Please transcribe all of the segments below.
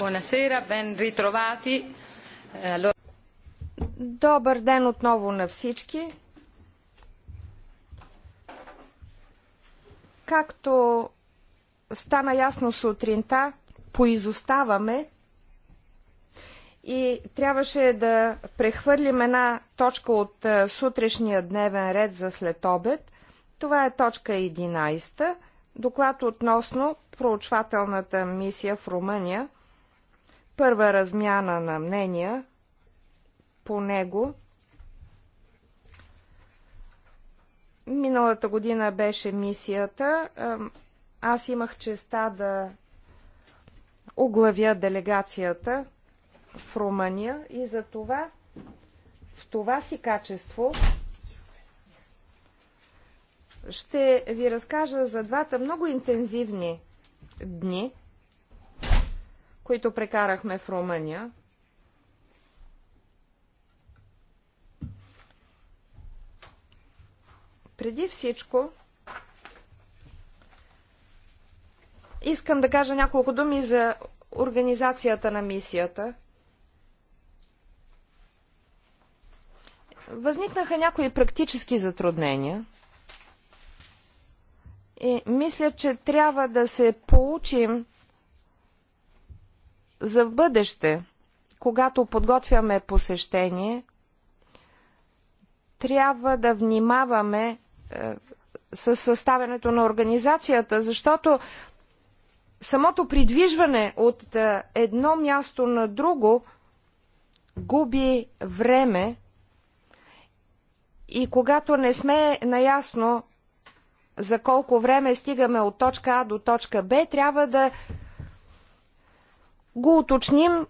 Buonasera, ben ritrovati. Eh, Добър ден отново на всички. Както стана ясно сутринта, поизоставаме и трябваше да прехвърлим една точка от е, сутрешния дневен ред за след обед. Това е точка 11. Доклад относно проучвателната мисия в Румъния – първа размяна на мнения по него. Миналата година беше мисията. Аз имах честа да оглавя делегацията в Румъния и за това в това си качество ще ви разкажа за двата много интензивни дни, които прекарахме в Румъния. Преди всичко, искам да кажа няколко думи за организацията на мисията. Възникнаха някои практически затруднения. И мисля, че трябва да се получим за в бъдеще, когато подготвяме посещение, трябва да внимаваме е, с съставянето на организацията, защото самото придвижване от е, едно място на друго губи време и когато не сме наясно за колко време стигаме от точка А до точка Б, трябва да го уточним е,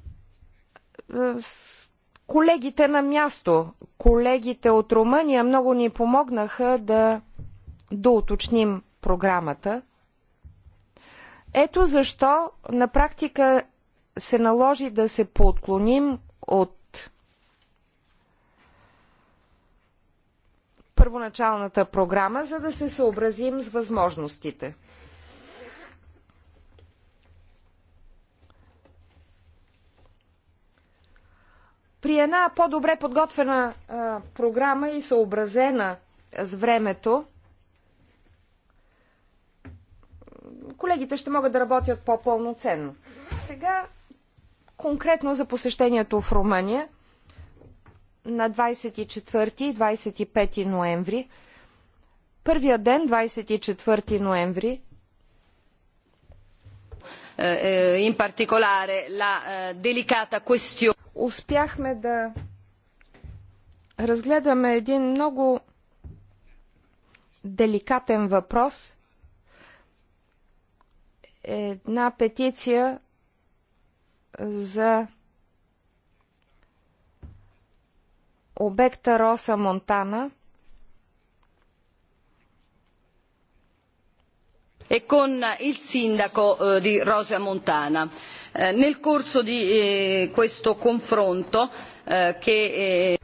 с колегите на място. Колегите от Румъния много ни помогнаха да доуточним програмата. Ето защо на практика се наложи да се поотклоним от първоначалната програма, за да се съобразим с възможностите. при една по-добре подготвена а, програма и съобразена с времето, колегите ще могат да работят по-пълноценно. Сега конкретно за посещението в Румъния на 24 и 25 ноември. Първия ден, 24 ноември, е, е, in particolare la е, delicata questione успяхме да разгледаме един много деликатен въпрос. Една петиция за обекта Роса Монтана – e con il sindaco eh, di rosa Montana. Eh, nel corso di eh, questo confronto che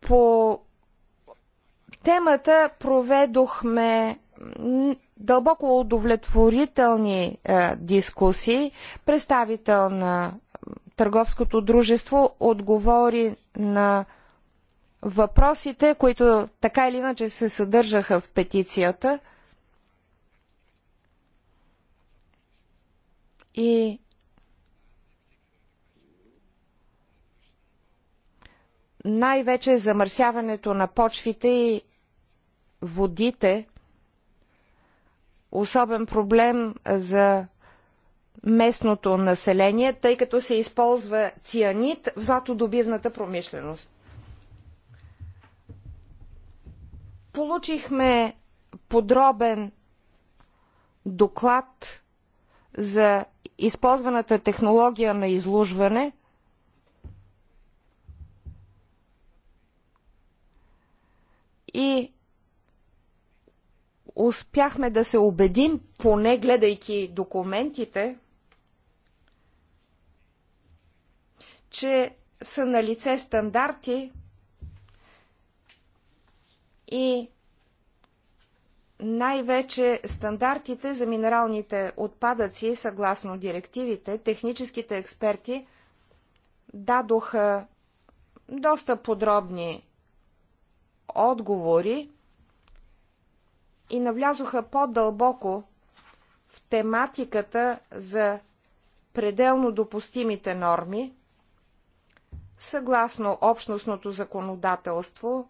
по темата проведохме дълбоко удовлетворителни е, дискусии. Представител на търговското дружество отговори на въпросите, които така или иначе се съдържаха в петицията – И най-вече замърсяването на почвите и водите, особен проблем за местното население, тъй като се използва цианид в златодобивната промишленост. Получихме подробен доклад за използваната технология на излужване и успяхме да се убедим, поне гледайки документите, че са на лице стандарти и най-вече стандартите за минералните отпадъци съгласно директивите, техническите експерти дадоха доста подробни отговори и навлязоха по-дълбоко в тематиката за пределно допустимите норми, съгласно общностното законодателство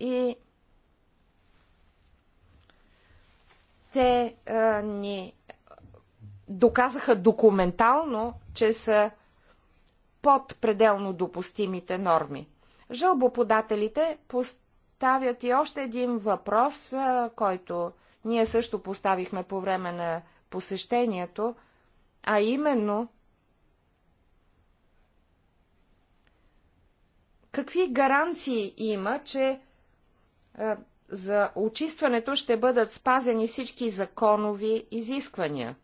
и те а, ни доказаха документално, че са под пределно допустимите норми. Жълбоподателите поставят и още един въпрос, а, който ние също поставихме по време на посещението, а именно какви гаранции има, че е, за очистването ще бъдат спазени всички законови изисквания.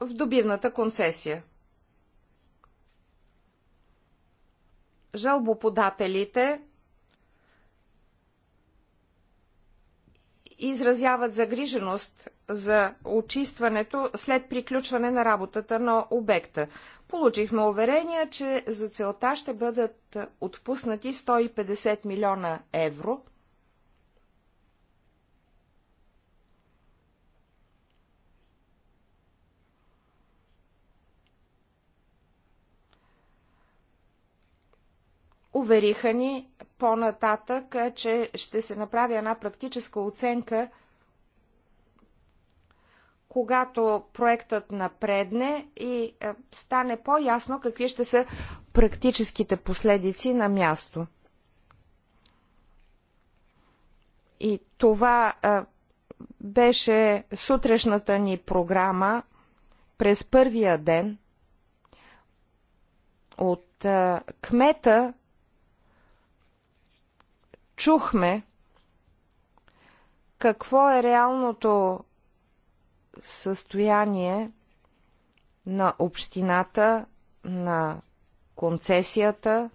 В добивната концесия. Жалбоподателите изразяват загриженост за очистването след приключване на работата на обекта. Получихме уверение, че за целта ще бъдат отпуснати 150 милиона евро. Увериха ни по-нататък, че ще се направи една практическа оценка – когато проектът напредне и е, стане по-ясно какви ще са практическите последици на място. И това е, беше сутрешната ни програма през първия ден от е, кмета чухме какво е реалното състояние на общината, на концесията.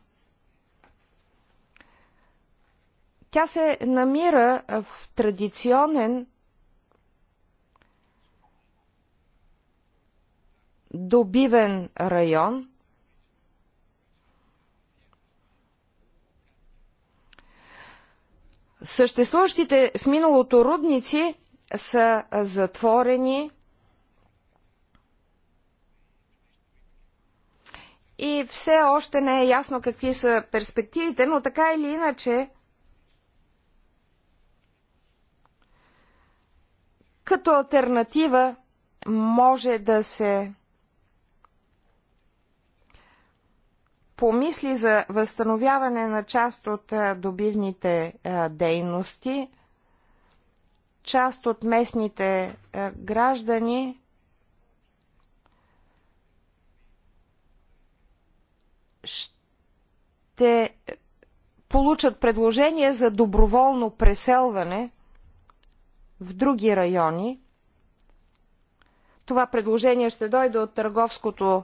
Тя се намира в традиционен добивен район. Съществуващите в миналото рудници са затворени и все още не е ясно какви са перспективите, но така или иначе като альтернатива може да се помисли за възстановяване на част от добивните дейности част от местните е, граждани ще получат предложение за доброволно преселване в други райони. Това предложение ще дойде от търговското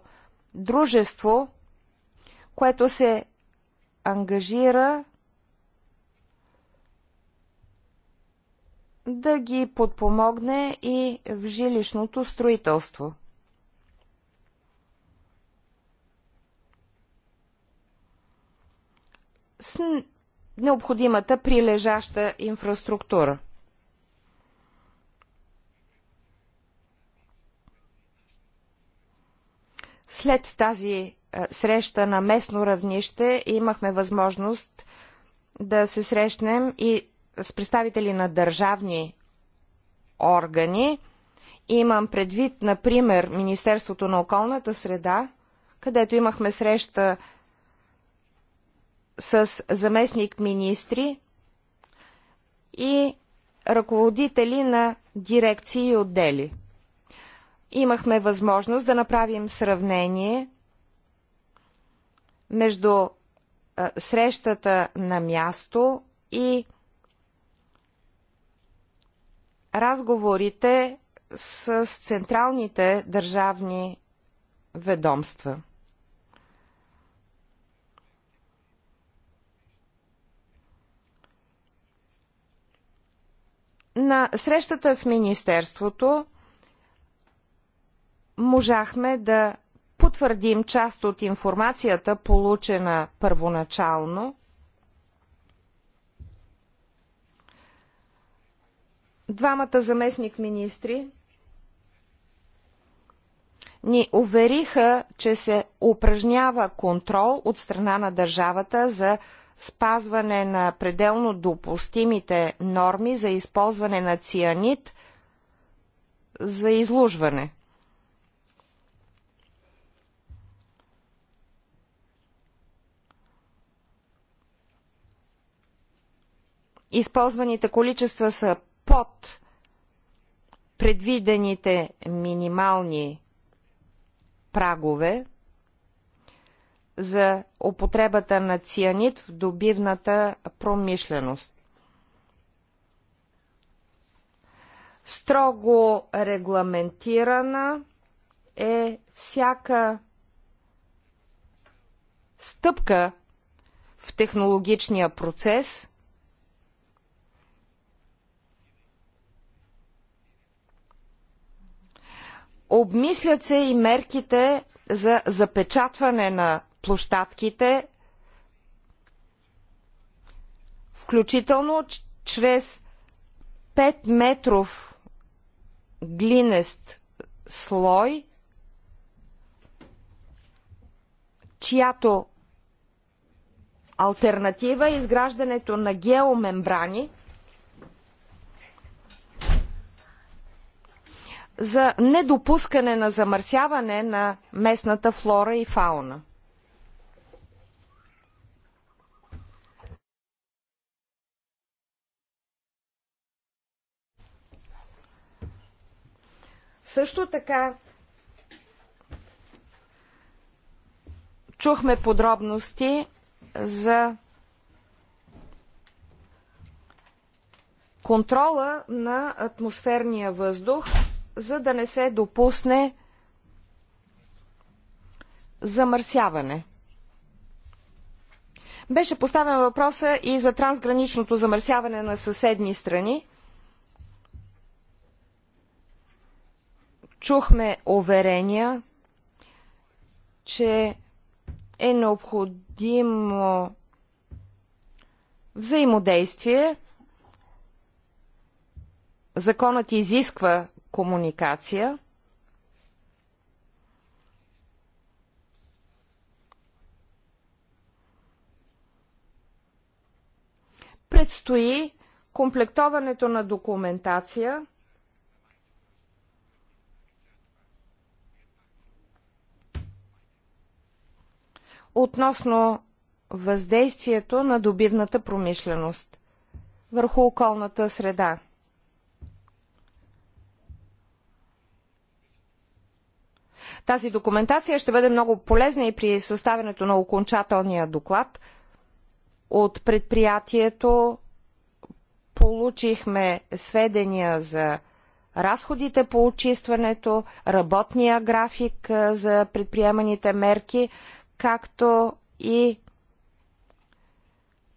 дружество, което се ангажира да ги подпомогне и в жилищното строителство. С необходимата прилежаща инфраструктура. След тази е, среща на местно равнище имахме възможност да се срещнем и с представители на държавни органи. Имам предвид, например, Министерството на околната среда, където имахме среща с заместник министри и ръководители на дирекции и отдели. Имахме възможност да направим сравнение между срещата на място и разговорите с централните държавни ведомства. На срещата в Министерството можахме да потвърдим част от информацията, получена първоначално Двамата заместник министри ни увериха, че се упражнява контрол от страна на държавата за спазване на пределно допустимите норми за използване на цианид за излужване. Използваните количества са под предвидените минимални прагове за употребата на цианид в добивната промишленост. Строго регламентирана е всяка стъпка в технологичния процес – Обмислят се и мерките за запечатване на площадките, включително чрез 5-метров глинест слой, чиято альтернатива е изграждането на геомембрани – за недопускане на замърсяване на местната флора и фауна. Също така чухме подробности за контрола на атмосферния въздух за да не се допусне замърсяване. Беше поставен въпроса и за трансграничното замърсяване на съседни страни. Чухме уверения, че е необходимо взаимодействие. Законът изисква комуникация. Предстои комплектоването на документация. относно въздействието на добивната промишленост върху околната среда. Тази документация ще бъде много полезна и при съставянето на окончателния доклад. От предприятието получихме сведения за разходите по очистването, работния график за предприеманите мерки, както и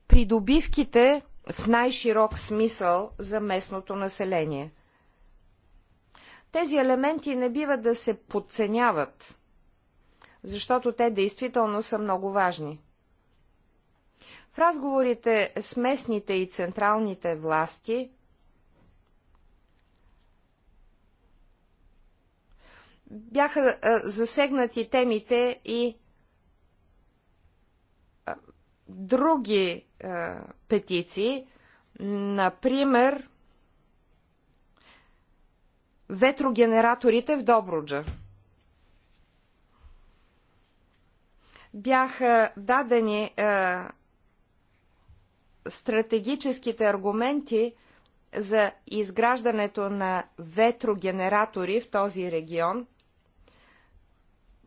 придобивките в най-широк смисъл за местното население – тези елементи не бива да се подценяват, защото те действително са много важни. В разговорите с местните и централните власти бяха засегнати темите и други петиции, например ветрогенераторите в Добруджа. Бяха дадени е, стратегическите аргументи за изграждането на ветрогенератори в този регион.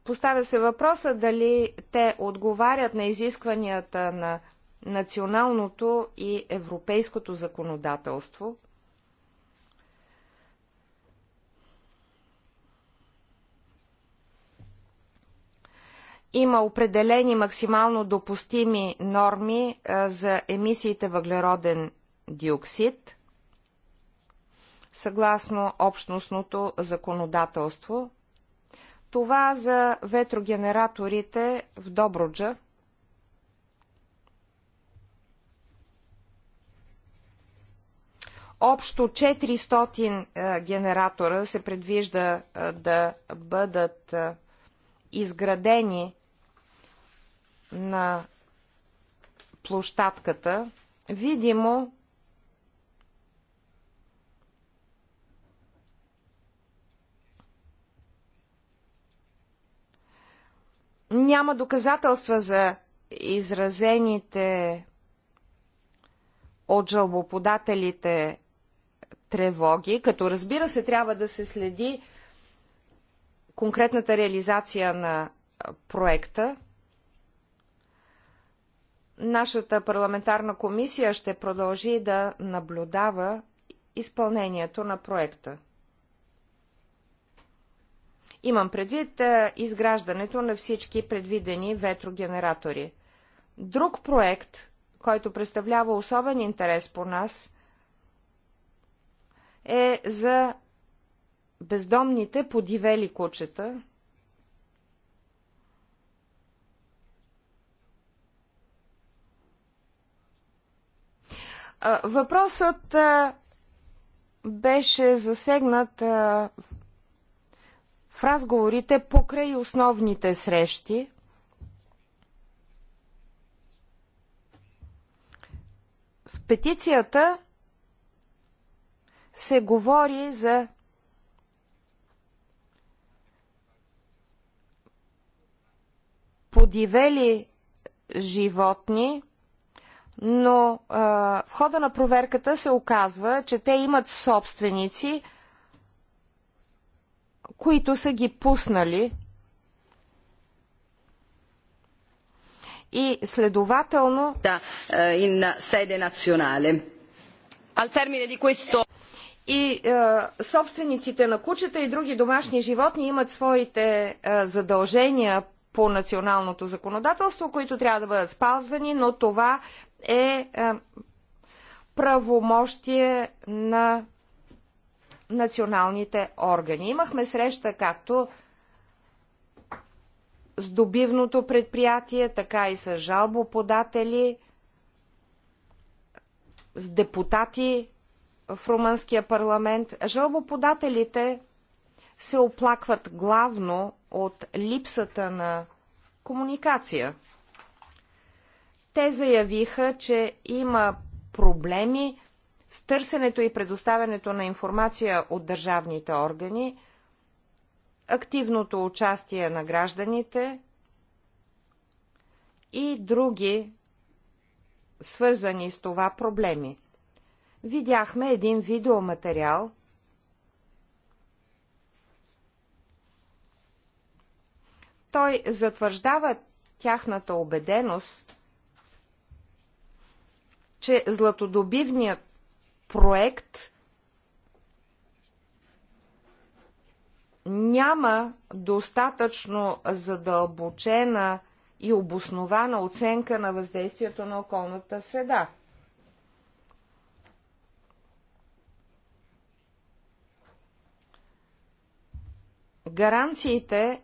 Поставя се въпроса дали те отговарят на изискванията на националното и европейското законодателство – Има определени максимално допустими норми е, за емисиите въглероден диоксид съгласно общностното законодателство. Това за ветрогенераторите в Добруджа. Общо 400 е, генератора се предвижда е, да бъдат изградени на площадката, видимо няма доказателства за изразените от жалбоподателите тревоги, като разбира се трябва да се следи конкретната реализация на проекта. Нашата парламентарна комисия ще продължи да наблюдава изпълнението на проекта. Имам предвид е, изграждането на всички предвидени ветрогенератори. Друг проект, който представлява особен интерес по нас, е за бездомните подивели кучета – Въпросът беше засегнат в разговорите покрай основните срещи. В петицията се говори за подивели животни, но а, в хода на проверката се оказва, че те имат собственици, които са ги пуснали и следователно е, in sede nazionale. Al termine di questo и е, собствениците на кучета и други домашни животни имат своите е, задължения по националното законодателство, които трябва да бъдат спазвани, но това е, е правомощие на националните органи. Имахме среща както с добивното предприятие, така и с жалбоподатели, с депутати в румънския парламент. Жалбоподателите се оплакват главно от липсата на комуникация – те заявиха, че има проблеми с търсенето и предоставянето на информация от държавните органи, активното участие на гражданите и други свързани с това проблеми. Видяхме един видеоматериал, той затвърждава тяхната убеденост, че златодобивният проект няма достатъчно задълбочена и обоснована оценка на въздействието на околната среда. Гаранциите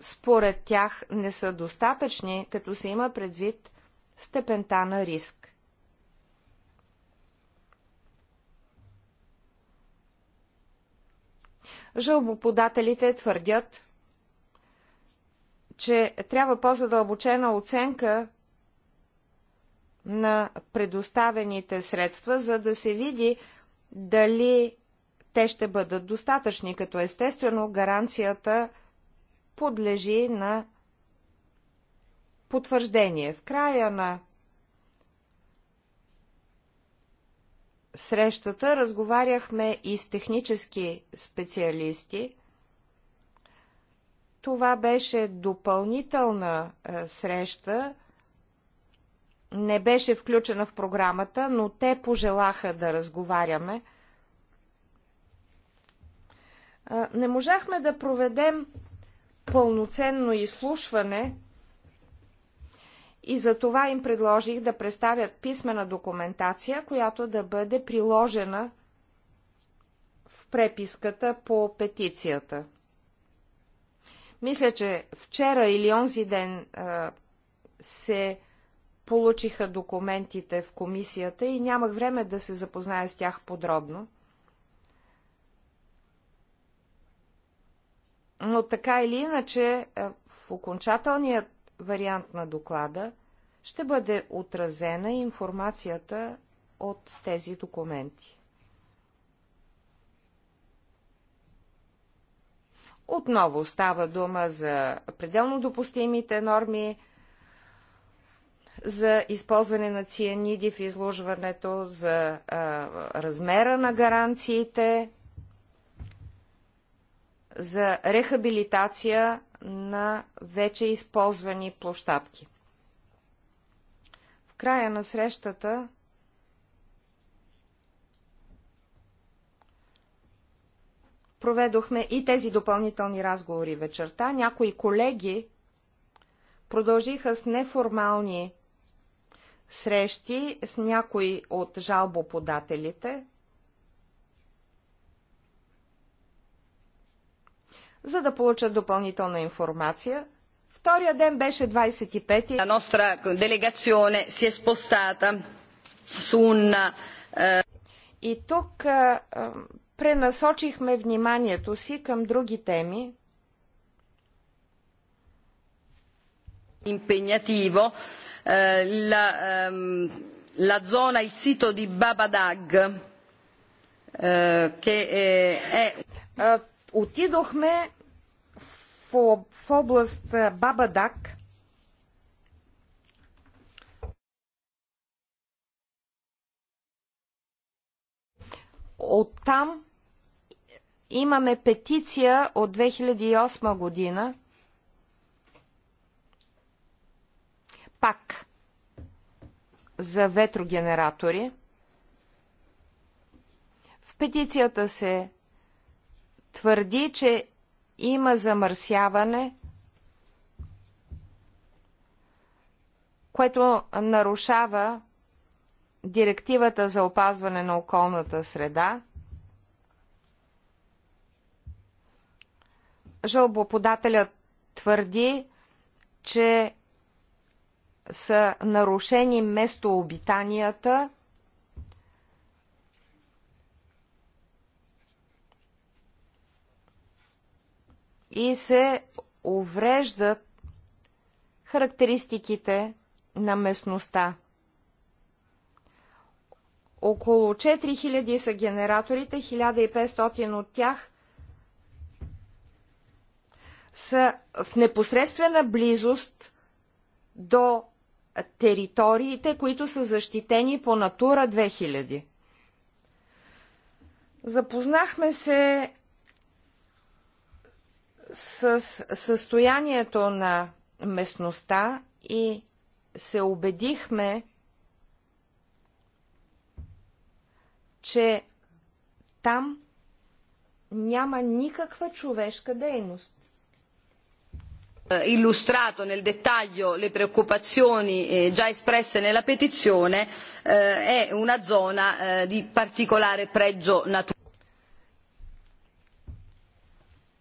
според тях не са достатъчни, като се има предвид степента на риск. Жълбоподателите твърдят, че трябва по-задълбочена оценка на предоставените средства, за да се види дали те ще бъдат достатъчни, като естествено гаранцията подлежи на потвърждение. В края на срещата разговаряхме и с технически специалисти. Това беше допълнителна е, среща, не беше включена в програмата, но те пожелаха да разговаряме. Е, не можахме да проведем пълноценно изслушване, и за това им предложих да представят писмена документация, която да бъде приложена в преписката по петицията. Мисля, че вчера или онзи ден а, се получиха документите в комисията и нямах време да се запозная с тях подробно. Но така или иначе, в окончателният вариант на доклада ще бъде отразена информацията от тези документи. Отново става дума за пределно допустимите норми за използване на цианиди в изложването, за а, размера на гаранциите, за рехабилитация на вече използвани площадки. В края на срещата проведохме и тези допълнителни разговори вечерта. Някои колеги продължиха с неформални срещи с някои от жалбоподателите – за да получат допълнителна информация. Втория ден беше 25-ти. La nostra delegazione si è spostata su un... И тук пренасочихме вниманието си към други теми. Impegnativo. Eh, la, ehm, la zona, il sito di Babadag, eh, che eh, е, è... Е отидохме в област Бабадак оттам имаме петиция от 2008 година. Пак за ветрогенератори. В петицията се твърди, че има замърсяване, което нарушава директивата за опазване на околната среда. Жълбоподателят твърди, че са нарушени местообитанията и се увреждат характеристиките на местността. Около 4000 са генераторите, 1500 от тях са в непосредствена близост до териториите, които са защитени по Натура 2000. Запознахме се с състоянието на местността и се убедихме, че там няма никаква човешка дейност. Illustrato nel dettaglio le preoccupazioni già espresse nella petizione, è una zona di particolare pregio naturale.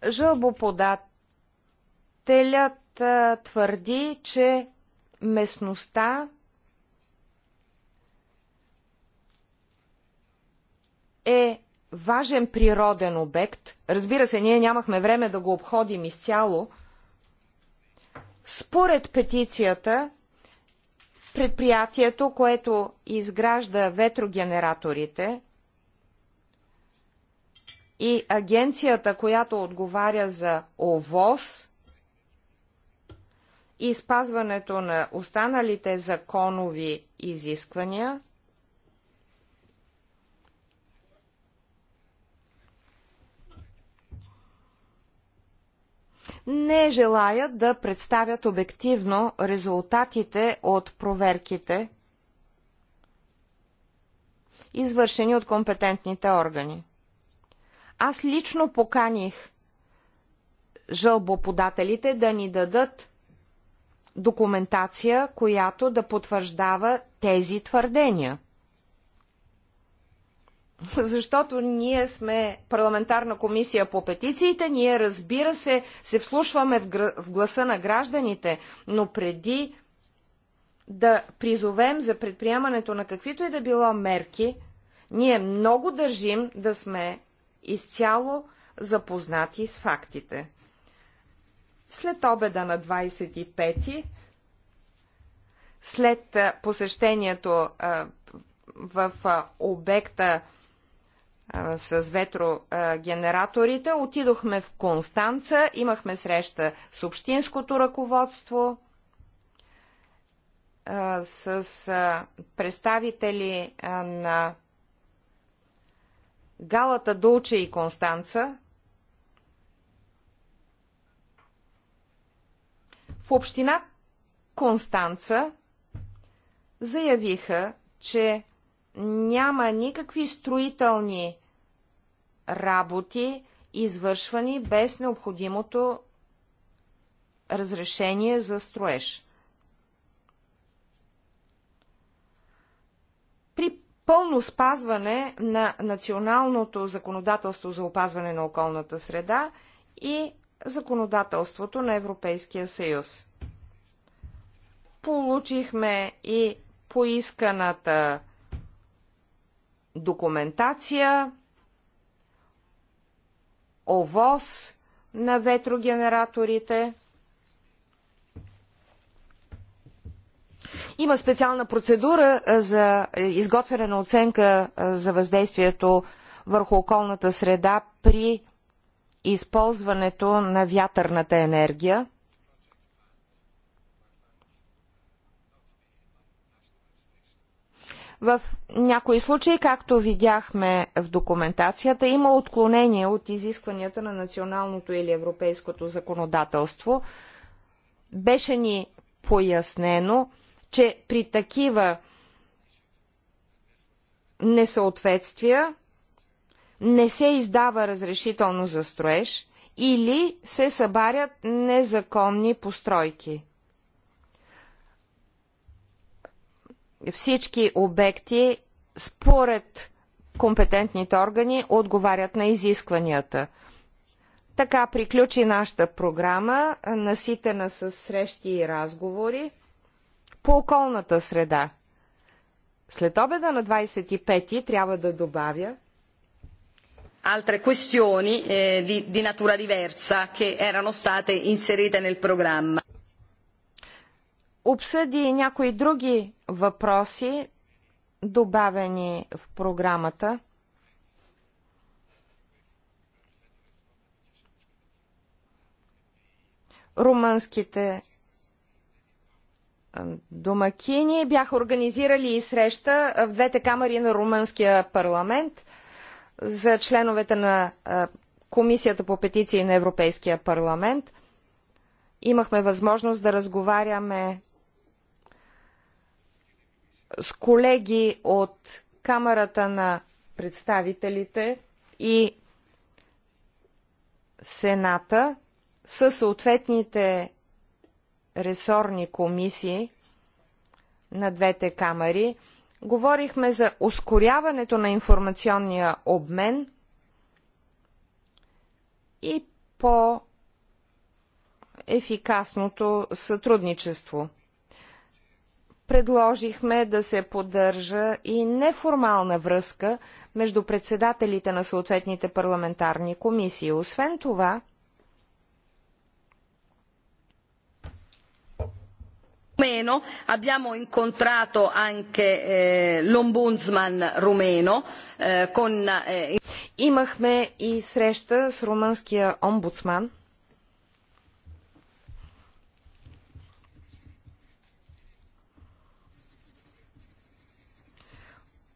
Жълбоподателят твърди, че местността е важен природен обект. Разбира се, ние нямахме време да го обходим изцяло. Според петицията, предприятието, което изгражда ветрогенераторите, и агенцията, която отговаря за ОВОз и спазването на останалите законови изисквания, не желаят да представят обективно резултатите от проверките, извършени от компетентните органи. Аз лично поканих жълбоподателите да ни дадат документация, която да потвърждава тези твърдения. Защото ние сме парламентарна комисия по петициите, ние разбира се се вслушваме в гласа на гражданите, но преди да призовем за предприемането на каквито и да било мерки, ние много държим да сме изцяло запознати с фактите. След обеда на 25-ти, след посещението в обекта с ветрогенераторите, отидохме в Констанца, имахме среща с общинското ръководство, с представители на Галата, Дулче и Констанца в община Констанца заявиха, че няма никакви строителни работи, извършвани без необходимото разрешение за строеж. пълно спазване на националното законодателство за опазване на околната среда и законодателството на Европейския съюз. Получихме и поисканата документация, овоз на ветрогенераторите – Има специална процедура за е, изготвяне на оценка за въздействието върху околната среда при използването на вятърната енергия. В някои случаи, както видяхме в документацията, има отклонение от изискванията на националното или европейското законодателство. Беше ни пояснено, че при такива несъответствия не се издава разрешително за строеж или се събарят незаконни постройки. Всички обекти според компетентните органи отговарят на изискванията. Така приключи нашата програма, наситена с срещи и разговори по околната среда. След обеда на 25-ти трябва да добавя altre questioni eh, di, di natura diversa che erano state inserite nel programma. Обсъди някои други въпроси, добавени в програмата. Румънските домакини бяха организирали и среща в двете камери на румънския парламент за членовете на Комисията по петиции на Европейския парламент. Имахме възможност да разговаряме с колеги от Камерата на представителите и Сената със съответните ресорни комисии на двете камари. Говорихме за ускоряването на информационния обмен и по ефикасното сътрудничество. Предложихме да се поддържа и неформална връзка между председателите на съответните парламентарни комисии. Освен това, rumeno, abbiamo incontrato anche eh, l'ombudsman rumeno eh, con... Eh, Имахме и среща с румънския омбудсман.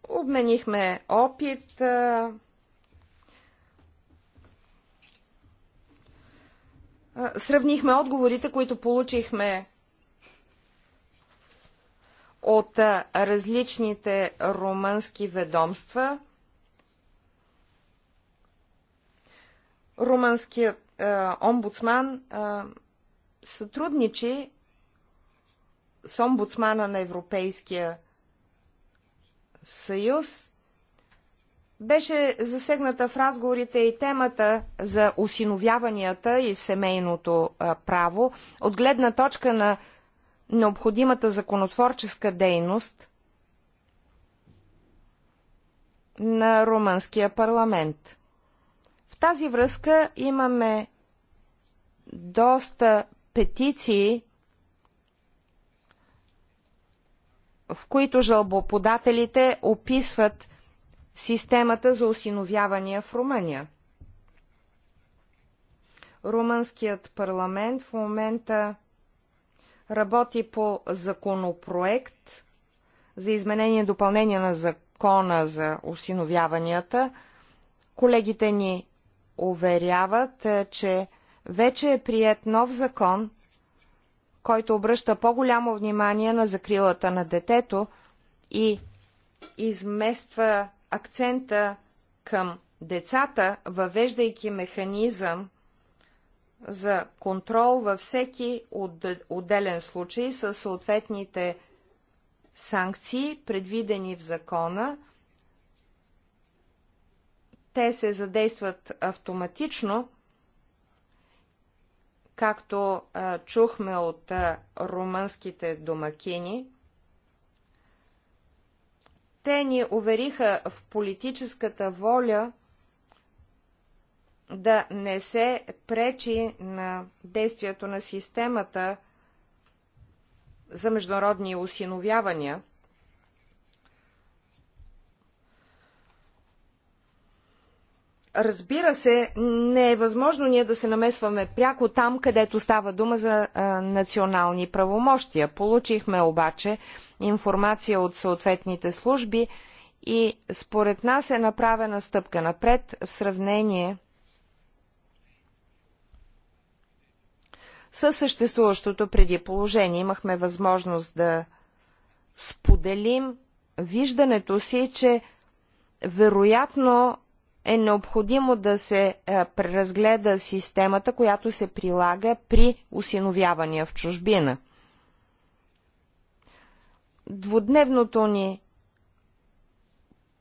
Обменихме опит, сравнихме отговорите, които получихме от различните румънски ведомства. Румънският е, омбудсман е, сътрудничи с омбудсмана на Европейския съюз. Беше засегната в разговорите и темата за осиновяванията и семейното е, право от гледна точка на необходимата законотворческа дейност на румънския парламент. В тази връзка имаме доста петиции, в които жалбоподателите описват системата за осиновявания в Румъния. Румънският парламент в момента работи по законопроект за изменение и допълнение на закона за осиновяванията. Колегите ни уверяват, е, че вече е прият нов закон, който обръща по-голямо внимание на закрилата на детето и измества акцента към децата, въвеждайки механизъм за контрол във всеки отделен случай със съответните санкции, предвидени в закона. Те се задействат автоматично, както а, чухме от а, румънските домакини. Те ни увериха в политическата воля – да не се пречи на действието на системата за международни осиновявания. Разбира се, не е възможно ние да се намесваме пряко там, където става дума за а, национални правомощия. Получихме обаче информация от съответните служби и според нас е направена стъпка напред в сравнение със съществуващото преди положение. Имахме възможност да споделим виждането си, че вероятно е необходимо да се е, преразгледа системата, която се прилага при осиновявания в чужбина. Двудневното ни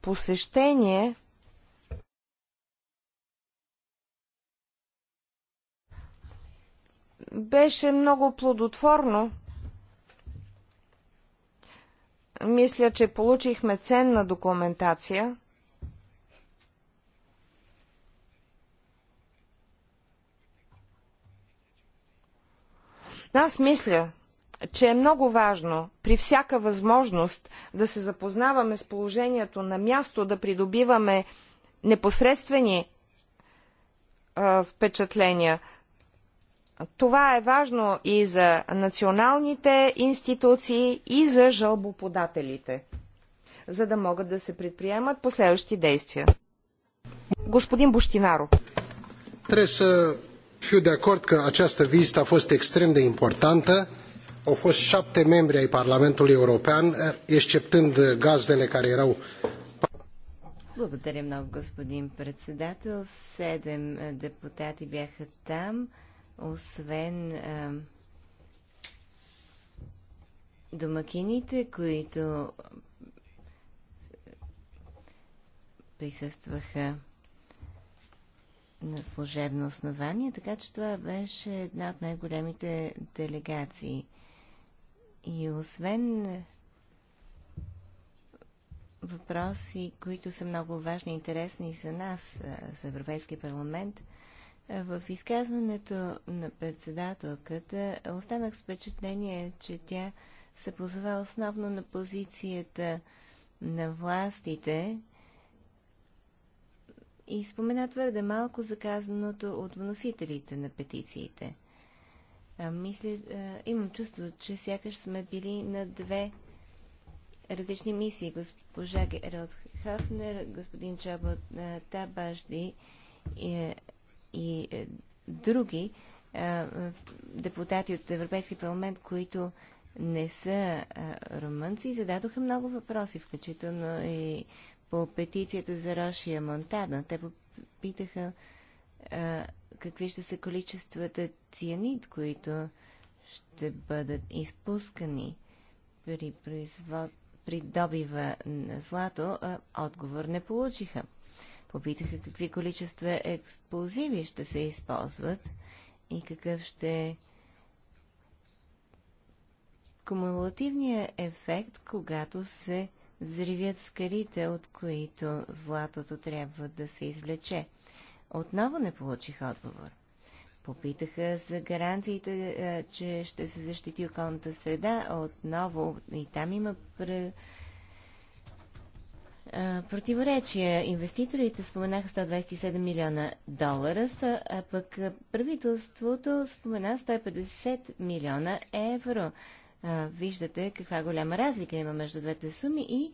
посещение – беше много плодотворно. Мисля, че получихме ценна документация. Аз мисля, че е много важно при всяка възможност да се запознаваме с положението на място, да придобиваме непосредствени а, впечатления. Това е важно и за националните институции, и за жалбоподателите, за да могат да се предприемат последващи действия. Господин Буштинаро. Трябва да fiu de акорд, че această визита a fost extrem de importantă. Au fost șapte membri ai Parlamentului European, exceptând gazdele care erau благодаря много, господин председател. Седем е, депутати бяха там освен а, е, домакините, които присъстваха на служебно основание, така че това беше една от най-големите делегации. И освен въпроси, които са много важни и интересни за нас, е, за Европейския парламент, в изказването на председателката останах с впечатление, че тя се позова основно на позицията на властите и спомена твърде малко заказаното от вносителите на петициите. мисля, имам чувство, че сякаш сме били на две различни мисии. Госпожа Герод Хафнер, господин Чабот Табажди и и е, други е, е депутати от Европейски парламент, които не са е, румънци, зададоха много въпроси, включително и по петицията за Рошия Монтана. Те попитаха е, какви ще са количествата цианид, които ще бъдат изпускани при, производ... при добива на злато, отговор не получиха. Попитаха какви количества експлозиви ще се използват и какъв ще е кумулативният ефект, когато се взривят скалите, от които златото трябва да се извлече. Отново не получих отговор. Попитаха за гаранциите, е, че ще се защити околната среда. Отново и там има противоречия. Инвеститорите споменаха 127 милиона долара, а пък правителството спомена 150 милиона евро. виждате каква голяма разлика има между двете суми и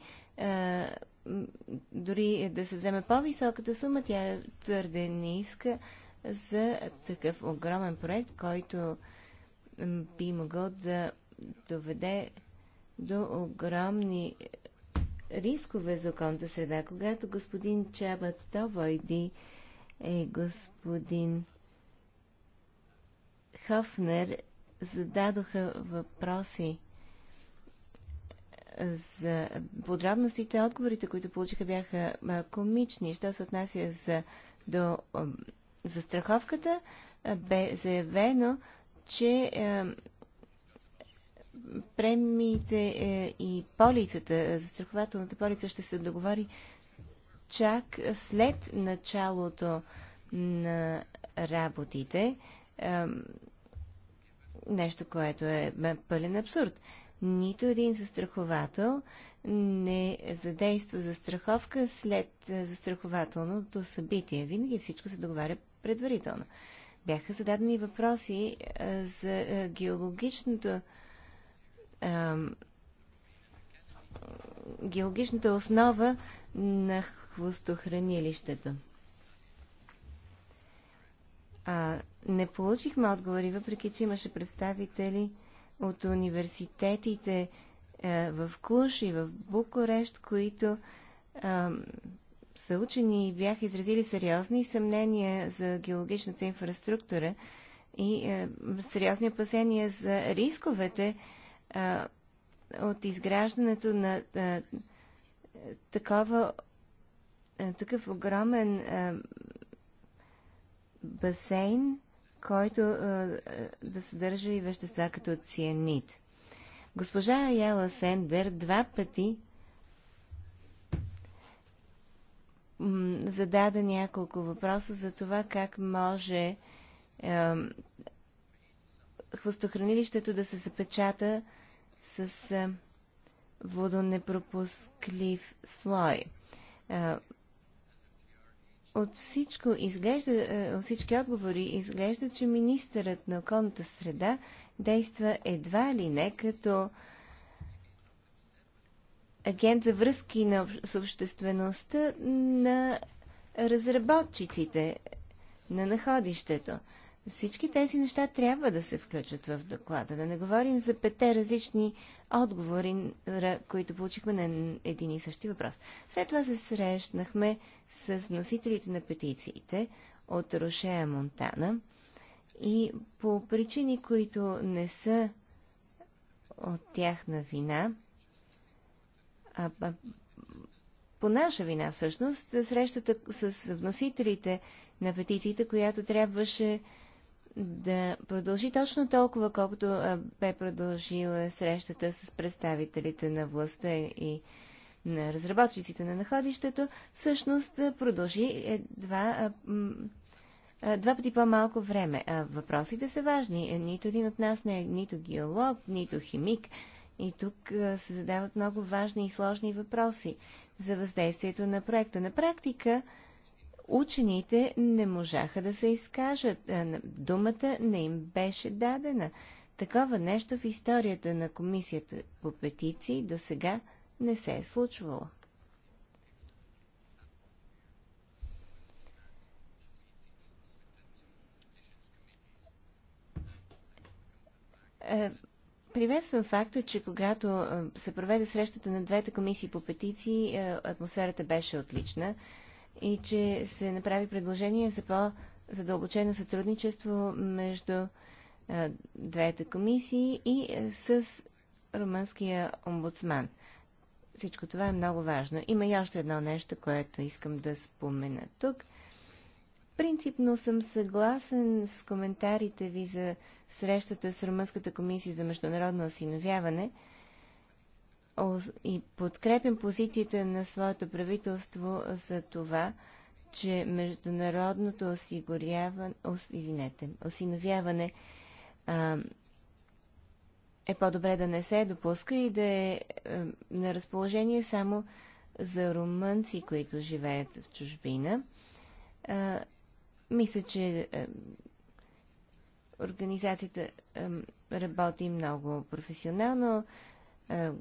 дори да се вземе по-високата сума, тя е твърде ниска за такъв огромен проект, който би могъл да доведе до огромни рискове за околната среда. Когато господин Чаба Товойди е господин Хофнер зададоха въпроси за подробностите, отговорите, които получиха, бяха комични. Що се отнася за, до застраховката, бе заявено, че премиите е, и полицата, застрахователната полица ще се договори чак след началото на работите. Нещо, което е, е пълен абсурд. Нито един застраховател не задейства застраховка след е, застрахователното събитие. Винаги всичко се договаря предварително. Бяха зададени въпроси за геологичното геологичната основа на хвостохранилището. А, не получихме отговори, въпреки че имаше представители от университетите а, в Клуш и в Букурещ, които а, са учени и бяха изразили сериозни съмнения за геологичната инфраструктура и а, сериозни опасения за рисковете а, от изграждането на а, такова, а, такъв огромен а, басейн, който а, да съдържа и вещества като цианид. Госпожа Аяла Сендер два пъти зададе няколко въпроса за това как може е, хвостохранилището да се запечата с водонепропусклив слой. От всичко изглежда, от всички отговори изглежда, че министърът на околната среда действа едва ли не като агент за връзки на, с обществеността на разработчиците на находището. Всички тези неща трябва да се включат в доклада. Да не говорим за пете различни отговори, които получихме на един и същи въпрос. След това се срещнахме с вносителите на петициите от Рошея Монтана и по причини, които не са от тяхна вина, а, а по наша вина всъщност, срещата с вносителите на петициите, която трябваше да продължи точно толкова, колкото бе продължила срещата с представителите на властта и на разработчиците на находището, всъщност продължи едва два пъти по-малко време. А въпросите са важни. Нито един от нас не е нито геолог, нито химик. И тук се задават много важни и сложни въпроси за въздействието на проекта. На практика, учените не можаха да се изкажат. Е, думата не им беше дадена. Такова нещо в историята на комисията по петиции до сега не се е случвало. Е, приветствам факта, че когато е, се проведе срещата на двете комисии по петиции, атмосферата беше отлична и че се направи предложение за по-задълбочено сътрудничество между двете комисии и с румънския омбудсман. Всичко това е много важно. Има и още едно нещо, което искам да спомена тук. Принципно съм съгласен с коментарите ви за срещата с Румънската комисия за международно осиновяване – и подкрепям позицията на своето правителство за това, че международното осигуряване, ос, извинете, осиновяване а, е по-добре да не се допуска и да е а, е, на разположение само за румънци, които живеят в чужбина. А, мисля, че а, е, организацията а, работи много професионално. А,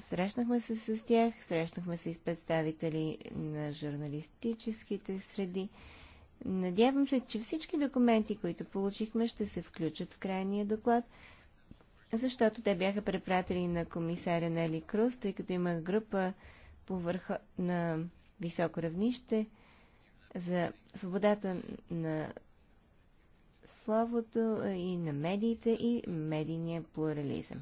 срещнахме се с тях, срещнахме се и с представители на журналистическите среди. Надявам се, че всички документи, които получихме, ще се включат в крайния доклад, защото те бяха препратили на комисаря Нели Круз, тъй като има група по върха на високо равнище за свободата на словото и на медиите и медийния плурализъм.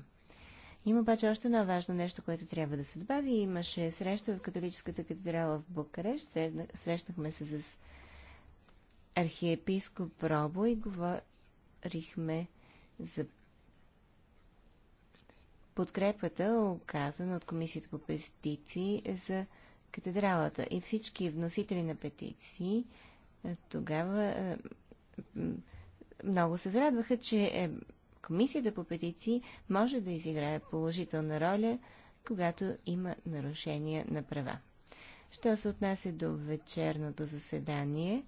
Има обаче още едно важно нещо, което трябва да се добави. Имаше среща в католическата катедрала в Букареш, Срещнахме се с архиепископ Робо и говорихме за подкрепата, оказана от Комисията по петиции за катедралата. И всички вносители на петиции е, тогава е, много се зарадваха, че е, Комисията по петиции може да изиграе положителна роля, когато има нарушения на права. Що се отнася до вечерното заседание,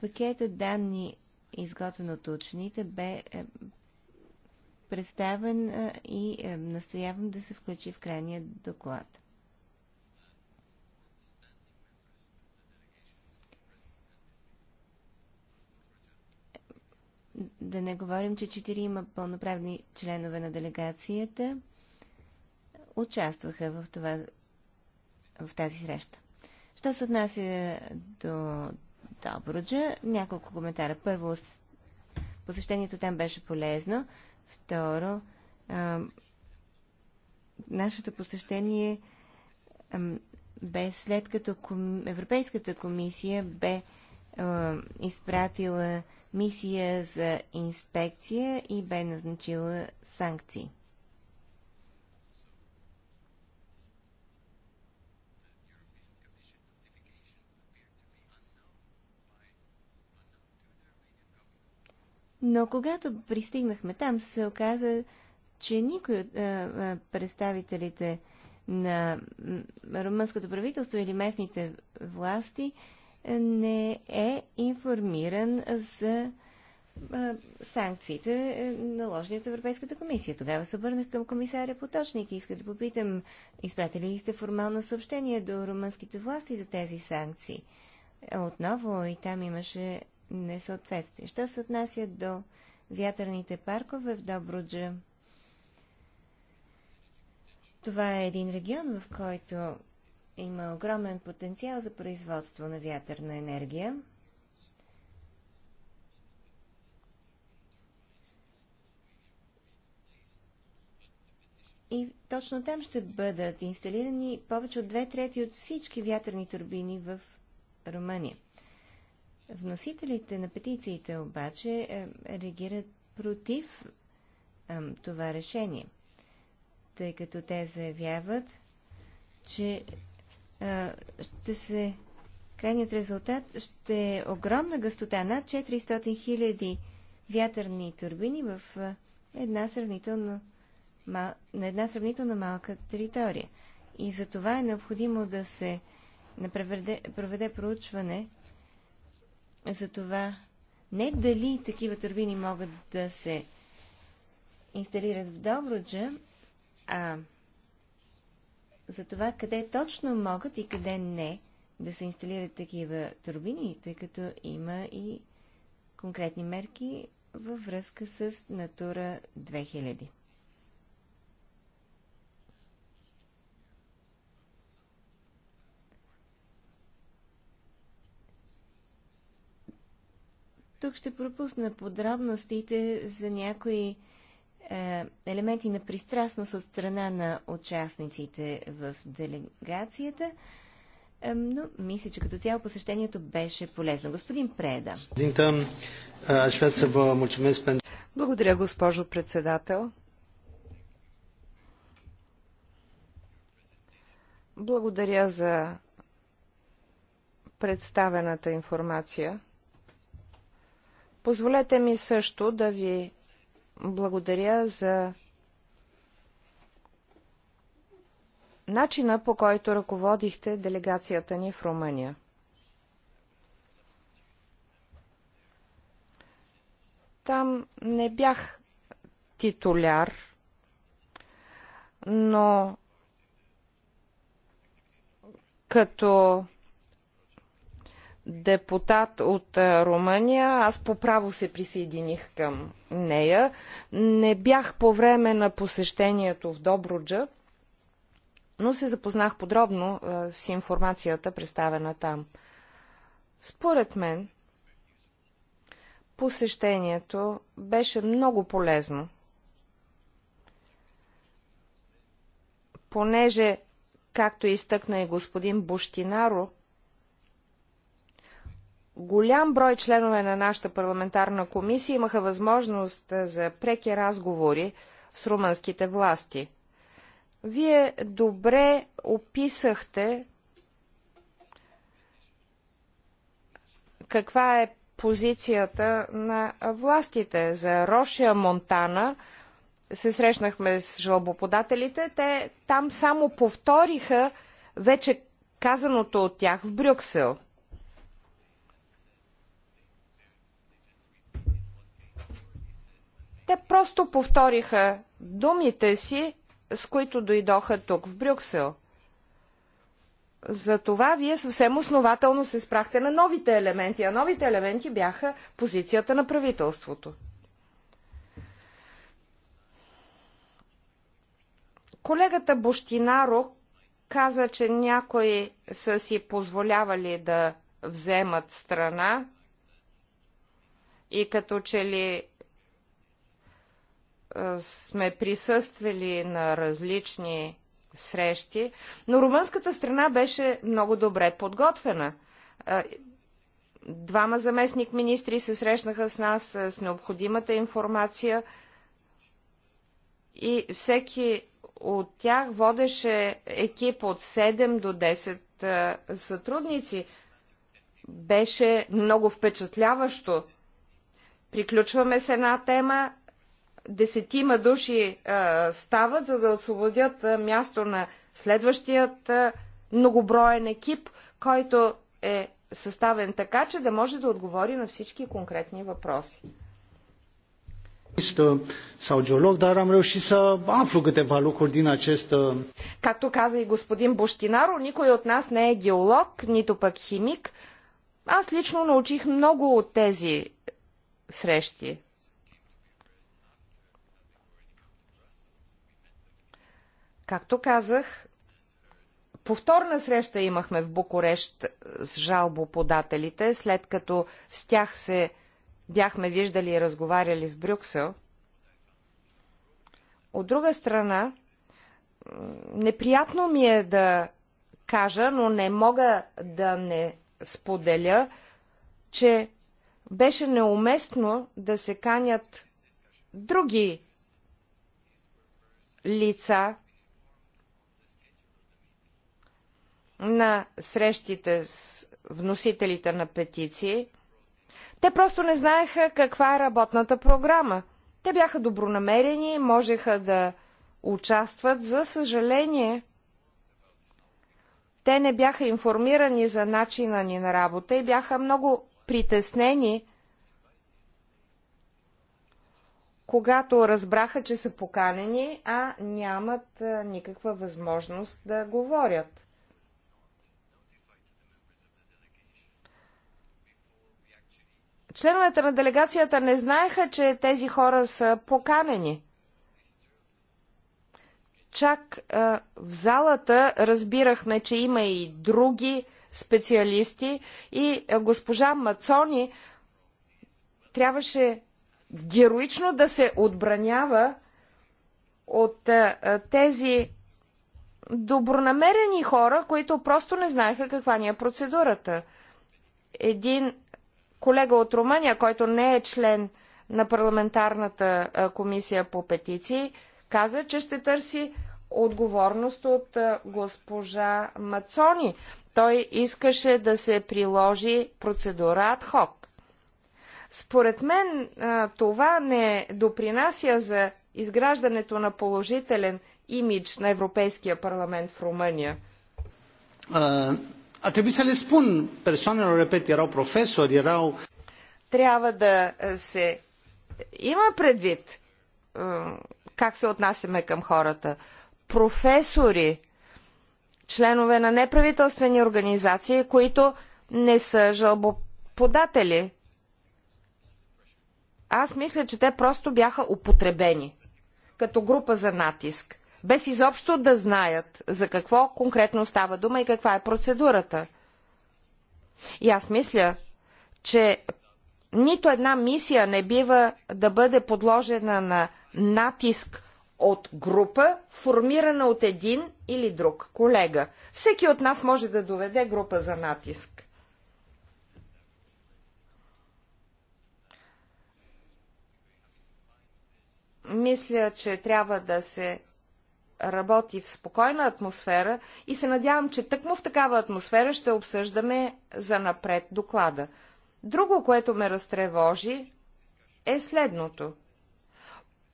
пакетът данни, изготвен от учените, бе е, представен е, и е, настоявам да се включи в крайния доклад. Да не говорим, че четири има пълноправни членове на делегацията участваха в, това, в тази среща. Що се отнася до Добруджа, няколко коментара. Първо, посещението там беше полезно. Второ, а, нашето посещение а, бе след като ком... Европейската комисия бе а, изпратила мисия за инспекция и бе назначила санкции. Но когато пристигнахме там, се оказа, че никой от представителите на румънското правителство или местните власти не е информиран за санкциите, е, наложени от Европейската комисия. Тогава се обърнах към комисаря Поточник и иска да попитам, изпратили ли сте формално съобщение до румънските власти за тези санкции? Е, отново и там имаше несъответствие. Що се отнася до вятърните паркове в Добруджа? Това е един регион, в който има огромен потенциал за производство на вятърна енергия. И точно там ще бъдат инсталирани повече от две трети от всички вятърни турбини в Румъния. Вносителите на петициите обаче е, реагират против е, това решение, тъй като те заявяват, че ще се крайният резултат ще е огромна гъстота, над 400 хиляди вятърни турбини в една сравнително, мал... на една сравнително малка територия. И за това е необходимо да се проведе проучване за това не дали такива турбини могат да се инсталират в Добруджа, а за това къде точно могат и къде не да се инсталират такива турбини, тъй като има и конкретни мерки във връзка с Натура 2000. Тук ще пропусна подробностите за някои е, елементи на пристрастност от страна на участниците в делегацията, е, но мисля, че като цяло посещението беше полезно. Господин Преда. Е, Благодаря, госпожо председател. Благодаря за представената информация. Позволете ми също да ви благодаря за начина по който ръководихте делегацията ни в Румъния. Там не бях титуляр, но като депутат от Румъния, аз по право се присъединих към нея. Не бях по време на посещението в Добруджа, но се запознах подробно с информацията, представена там. Според мен, посещението беше много полезно, понеже, както изтъкна и господин Буштинаро, голям брой членове на нашата парламентарна комисия имаха възможност за преки разговори с румънските власти. Вие добре описахте каква е позицията на властите. За Рошия Монтана се срещнахме с жалбоподателите. Те там само повториха вече казаното от тях в Брюксел – Те просто повториха думите си, с които дойдоха тук в Брюксел. Затова вие съвсем основателно се спрахте на новите елементи, а новите елементи бяха позицията на правителството. Колегата Бощинаро каза, че някои са си позволявали да вземат страна и като че ли сме присъствали на различни срещи, но румънската страна беше много добре подготвена. Двама заместник министри се срещнаха с нас с необходимата информация и всеки от тях водеше екип от 7 до 10 сътрудници. Беше много впечатляващо. Приключваме с една тема, десетима души а, стават, за да освободят а, място на следващият а, многоброен екип, който е съставен така, че да може да отговори на всички конкретни въпроси. sau geolog, dar am reușit să aflu câteva lucruri din acest... Както каза и господин Буштинаро, никой от нас не е геолог, нито пък химик. Аз лично научих много от тези срещи. Както казах, повторна среща имахме в Букурещ е, с жалбоподателите, след като с тях се бяхме виждали и разговаряли в Брюксел. От друга страна, неприятно ми е да кажа, но не мога да не споделя, че беше неуместно да се канят други лица на срещите с вносителите на петиции, те просто не знаеха каква е работната програма. Те бяха добронамерени, можеха да участват. За съжаление, те не бяха информирани за начина ни на работа и бяха много притеснени, когато разбраха, че са поканени, а нямат никаква възможност да говорят. Членовете на делегацията не знаеха, че тези хора са поканени. Чак а, в залата разбирахме, че има и други специалисти и а, госпожа Мацони трябваше героично да се отбранява от а, тези добронамерени хора, които просто не знаеха каква ни е процедурата. Един колега от Румъния, който не е член на парламентарната комисия по петиции, каза, че ще търси отговорност от госпожа Мацони. Той искаше да се приложи процедура адхок. Според мен това не допринася за изграждането на положителен имидж на Европейския парламент в Румъния. А trebui să le spun persoanelor, repet, erau profesori, erau... Трябва да е, се има предвид е, как се отнасяме към хората. Професори, членове на неправителствени организации, които не са жълбоподатели. Аз мисля, че те просто бяха употребени като група за натиск без изобщо да знаят за какво конкретно става дума и каква е процедурата. И аз мисля, че нито една мисия не бива да бъде подложена на натиск от група, формирана от един или друг колега. Всеки от нас може да доведе група за натиск. Мисля, че трябва да се работи в спокойна атмосфера и се надявам, че тъкмо в такава атмосфера ще обсъждаме за напред доклада. Друго, което ме разтревожи, е следното.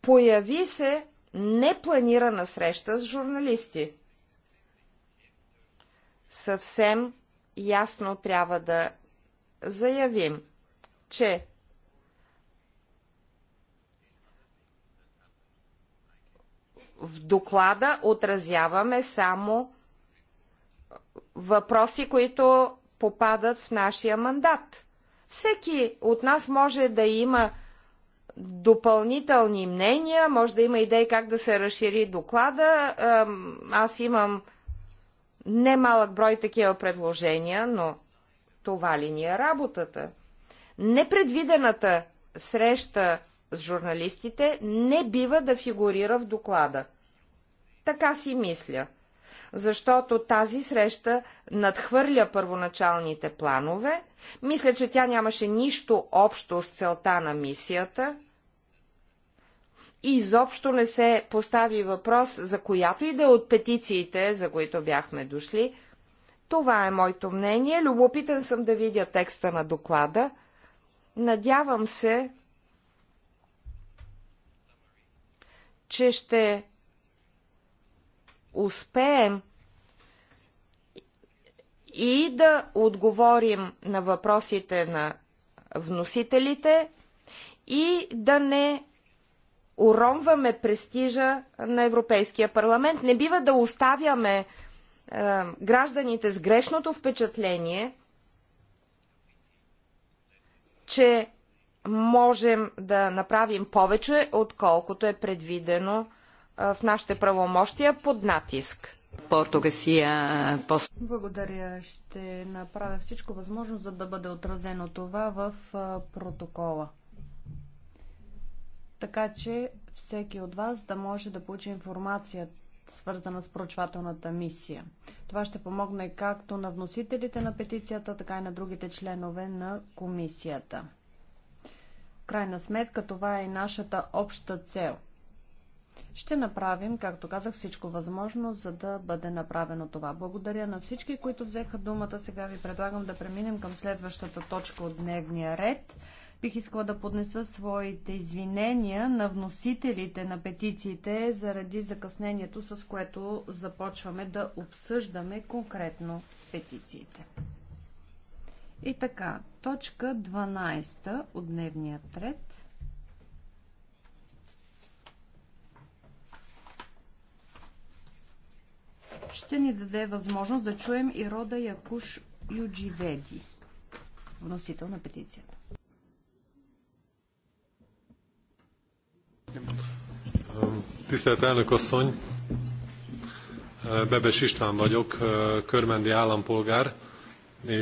Появи се непланирана среща с журналисти. Съвсем ясно трябва да заявим, че В доклада отразяваме само въпроси, които попадат в нашия мандат. Всеки от нас може да има допълнителни мнения, може да има идеи как да се разшири доклада. Аз имам немалък брой такива предложения, но това ли ни е работата? Непредвидената среща с журналистите не бива да фигурира в доклада. Така си мисля, защото тази среща надхвърля първоначалните планове. Мисля, че тя нямаше нищо общо с целта на мисията. И изобщо не се постави въпрос за която и да е от петициите, за които бяхме дошли. Това е моето мнение. Любопитен съм да видя текста на доклада. Надявам се, че ще успеем и да отговорим на въпросите на вносителите и да не уронваме престижа на Европейския парламент. Не бива да оставяме е, гражданите с грешното впечатление, че можем да направим повече, отколкото е предвидено в нашите правомощия под натиск. Благодаря. Ще направя всичко възможно, за да бъде отразено това в протокола. Така че всеки от вас да може да получи информация, свързана с прочвателната мисия. Това ще помогне както на вносителите на петицията, така и на другите членове на комисията крайна сметка това е нашата обща цел. Ще направим, както казах, всичко възможно, за да бъде направено това. Благодаря на всички, които взеха думата. Сега ви предлагам да преминем към следващата точка от дневния ред. Бих искала да поднеса своите извинения на вносителите на петициите заради закъснението, с което започваме да обсъждаме конкретно петициите. И така, Точка 12 от дневния ред. ще ни даде възможност да чуем и рода Якуш Юдживеди, вносител на петицията. Tisztelt elnök asszony, Bebes István vagyok, körmendi állampolgár. Е,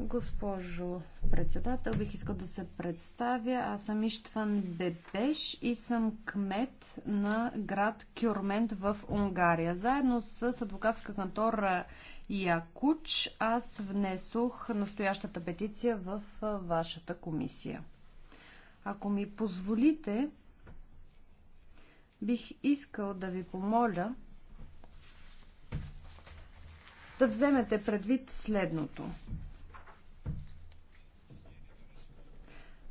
Госпожо председател, бих искал да се представя. Аз съм Иштван Бебеш и съм кмет на град Кюрмент в Унгария. Заедно с адвокатска кантора Якуч аз внесох настоящата петиция в вашата комисия. Ако ми позволите, бих искал да ви помоля да вземете предвид следното.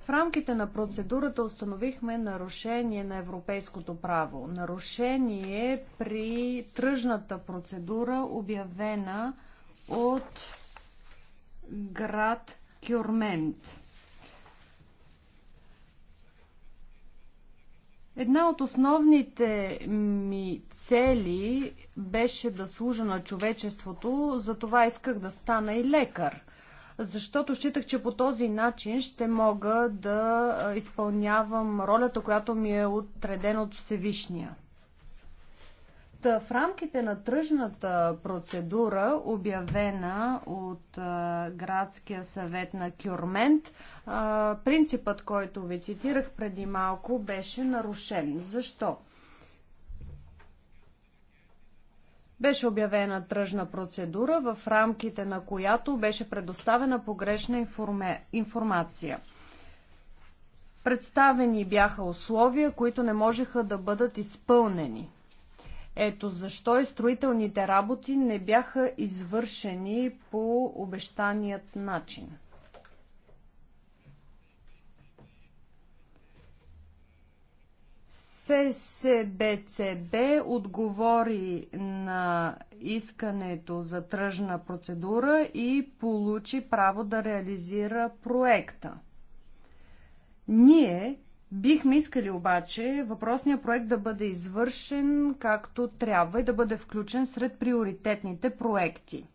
В рамките на процедурата установихме нарушение на европейското право. Нарушение при тръжната процедура, обявена от град Кюрмент. Една от основните ми цели беше да служа на човечеството, затова исках да стана и лекар. Защото считах, че по този начин ще мога да изпълнявам ролята, която ми е отредена от Всевишния в рамките на тръжната процедура, обявена от Градския съвет на Кюрмент, принципът, който ви цитирах преди малко, беше нарушен. Защо? Беше обявена тръжна процедура, в рамките на която беше предоставена погрешна информе... информация. Представени бяха условия, които не можеха да бъдат изпълнени. Ето защо и строителните работи не бяха извършени по обещаният начин. ФСБЦБ отговори на искането за тръжна процедура и получи право да реализира проекта. Ние Бихме искали обаче въпросният проект да бъде извършен както трябва и да бъде включен сред приоритетните проекти.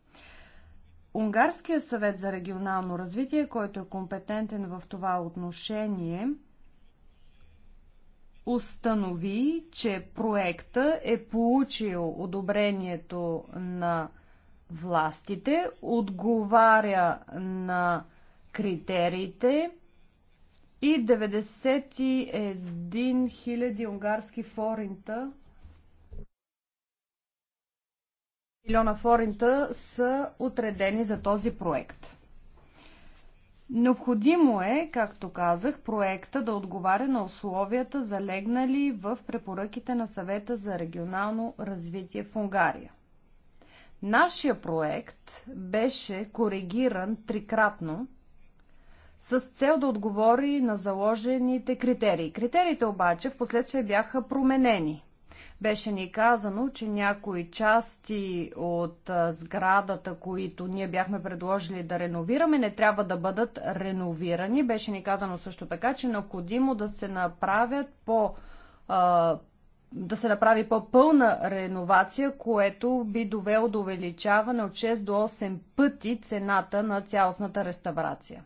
Унгарският съвет за регионално развитие, който е компетентен в това отношение, установи, че проекта е получил одобрението на властите, отговаря на критериите, и 91 000 унгарски форинта милиона форинта са отредени за този проект. Необходимо е, както казах, проекта да отговаря на условията залегнали в препоръките на съвета за регионално развитие в Унгария. Нашия проект беше коригиран трикратно – с цел да отговори на заложените критерии. Критериите обаче в последствие бяха променени. Беше ни казано, че някои части от сградата, които ние бяхме предложили да реновираме, не трябва да бъдат реновирани. Беше ни казано също така, че е необходимо да се направят по да се направи по-пълна реновация, което би довело до увеличаване от 6 до 8 пъти цената на цялостната реставрация.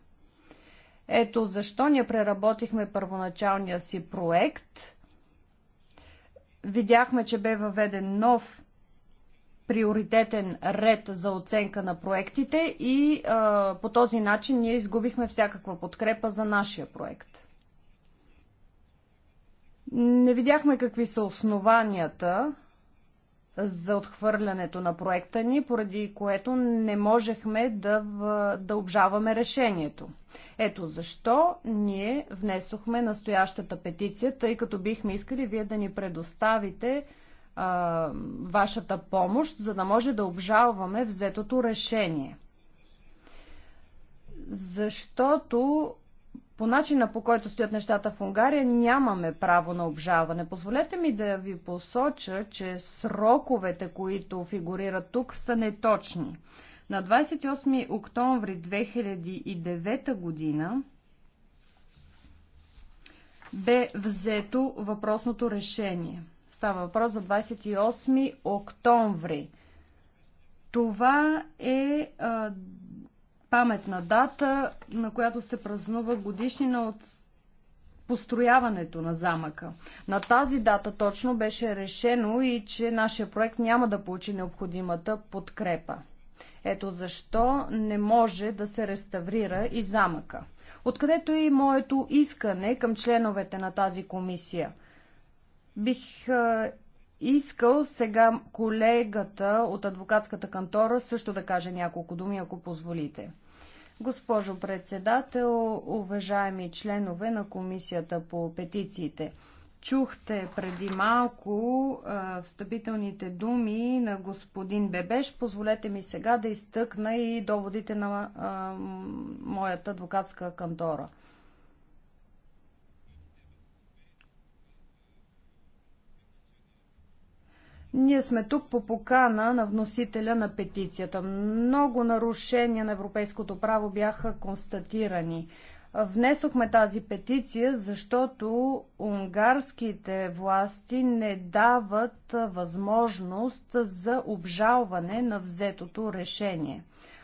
Ето защо ние преработихме първоначалния си проект. Видяхме, че бе въведен нов приоритетен ред за оценка на проектите и а, по този начин ние изгубихме всякаква подкрепа за нашия проект. Не видяхме какви са основанията за отхвърлянето на проекта ни, поради което не можехме да, да обжаваме решението. Ето защо ние внесохме настоящата петиция, тъй като бихме искали вие да ни предоставите а, вашата помощ, за да може да обжалваме взетото решение. Защото по начина по който стоят нещата в Унгария, нямаме право на обжаване. Позволете ми да ви посоча, че сроковете, които фигурират тук, са неточни. На 28 октомври 2009 година бе взето въпросното решение. Става въпрос за 28 октомври. Това е а, паметна дата, на която се празнува годишнина от построяването на замъка. На тази дата точно беше решено и че нашия проект няма да получи необходимата подкрепа. Ето защо не може да се реставрира и замъка. Откъдето е и моето искане към членовете на тази комисия. Бих искал сега колегата от адвокатската кантора също да каже няколко думи, ако позволите. Госпожо председател, уважаеми членове на Комисията по петициите, чухте преди малко а, встъпителните думи на господин Бебеш. Позволете ми сега да изтъкна и доводите на а, моята адвокатска кантора. Ние сме тук по покана на вносителя на петицията. Много нарушения на европейското право бяха констатирани. Внесохме тази петиция, защото унгарските власти не дават възможност за обжалване на взетото решение.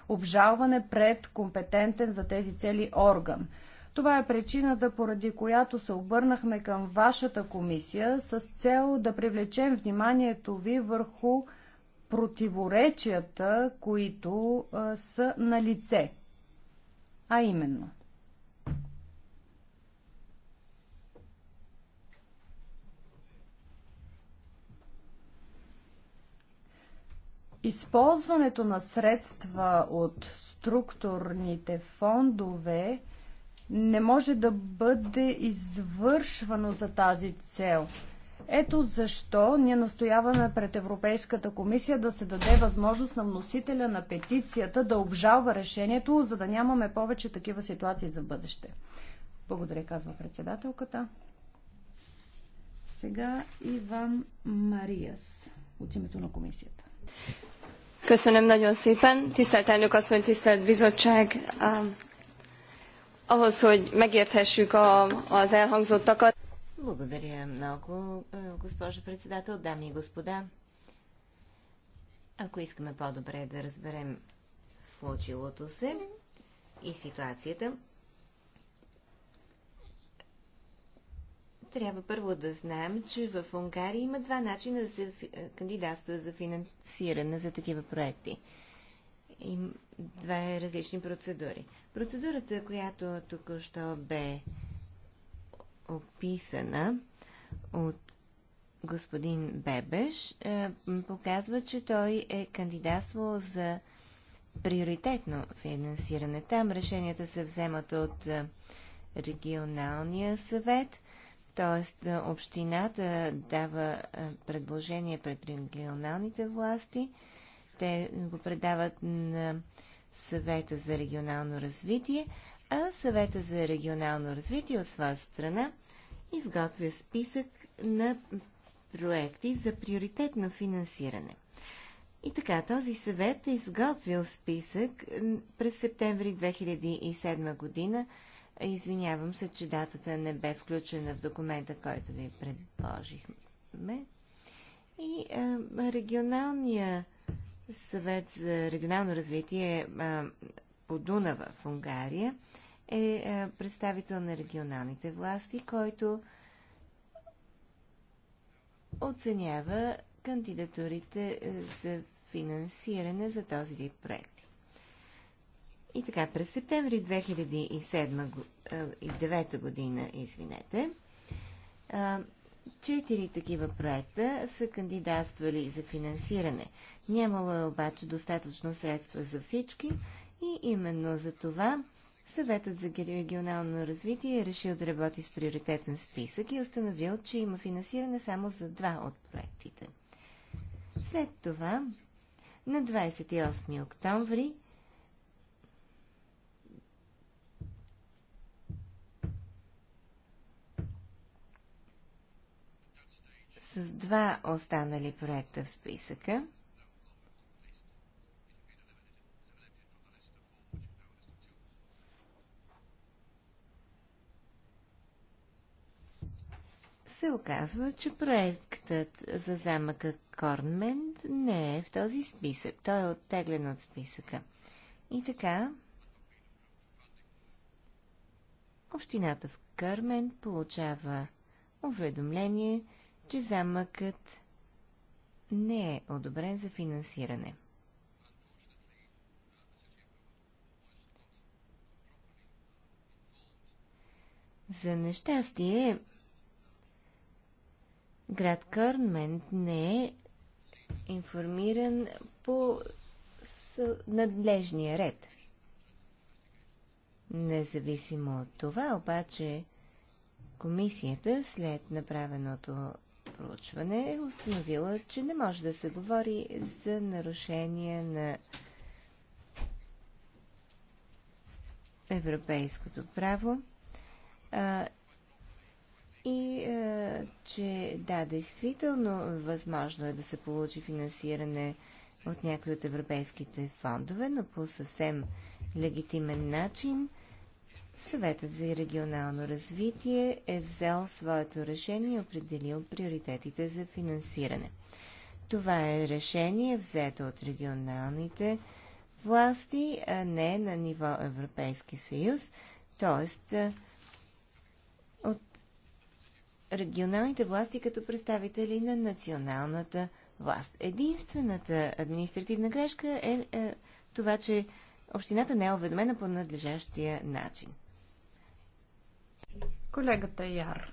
Обжалване пред компетентен за тези цели орган. Това е причината, поради която се обърнахме към вашата комисия с цел да привлечем вниманието ви върху противоречията, които а, са на лице. А именно. Използването на средства от структурните фондове – не може да бъде извършвано за тази цел. Ето защо ние настояваме пред Европейската комисия да се даде възможност на вносителя на петицията да обжалва решението, за да нямаме повече такива ситуации за бъдеще. Благодаря, казва председателката. Сега Иван Мариас от името на комисията. Köszönöm nagyon szépen. Tisztelt elnök asszony, tisztelt bizottság, ahhoz, hogy megérthessük a, az elhangzottakat. Благодаря много, е, госпожо председател, дами и господа. Ако искаме по-добре да разберем случилото се и ситуацията, трябва първо да знаем, че в Унгария има два начина за кандидатства за финансиране за такива проекти им две различни процедури. Процедурата, която току-що бе описана от господин Бебеш, е, показва, че той е кандидатствал за приоритетно финансиране. Там решенията се вземат от е, регионалния съвет, т.е. общината дава е, предложение пред регионалните власти – те го предават на съвета за регионално развитие, а съвета за регионално развитие от своя страна изготвя списък на проекти за приоритетно финансиране. И така, този съвет е изготвил списък през септември 2007 година. Извинявам се, че датата не бе включена в документа, който ви предложихме. И а, регионалния съвет за регионално развитие по Дунава в Унгария е представител на регионалните власти, който оценява кандидатурите за финансиране за този вид проекти. И така, през септември 2007 2009 година, извинете, Четири такива проекта са кандидатствали за финансиране. Нямало е обаче достатъчно средства за всички и именно за това Съветът за регионално развитие е решил да работи с приоритетен списък и е установил, че има финансиране само за два от проектите. След това, на 28 октомври, с два останали проекта в списъка. се оказва, че проектът за замъка Корнмент не е в този списък. Той е оттеглен от списъка. И така, общината в Кърмент получава уведомление, че замъкът не е одобрен за финансиране. За нещастие, град Кърнмент не е информиран по надлежния ред. Независимо от това, обаче, комисията след направеното проучване е установила, че не може да се говори за нарушение на европейското право а, и а, че да, действително възможно е да се получи финансиране от някои от европейските фондове, но по съвсем легитимен начин – Съветът за регионално развитие е взел своето решение и определил приоритетите за финансиране. Това е решение взето от регионалните власти, а не на ниво Европейски съюз, т.е. от регионалните власти като представители на националната власт. Единствената административна грешка е, е това, че общината не е уведомена по надлежащия начин. Колегата Яр.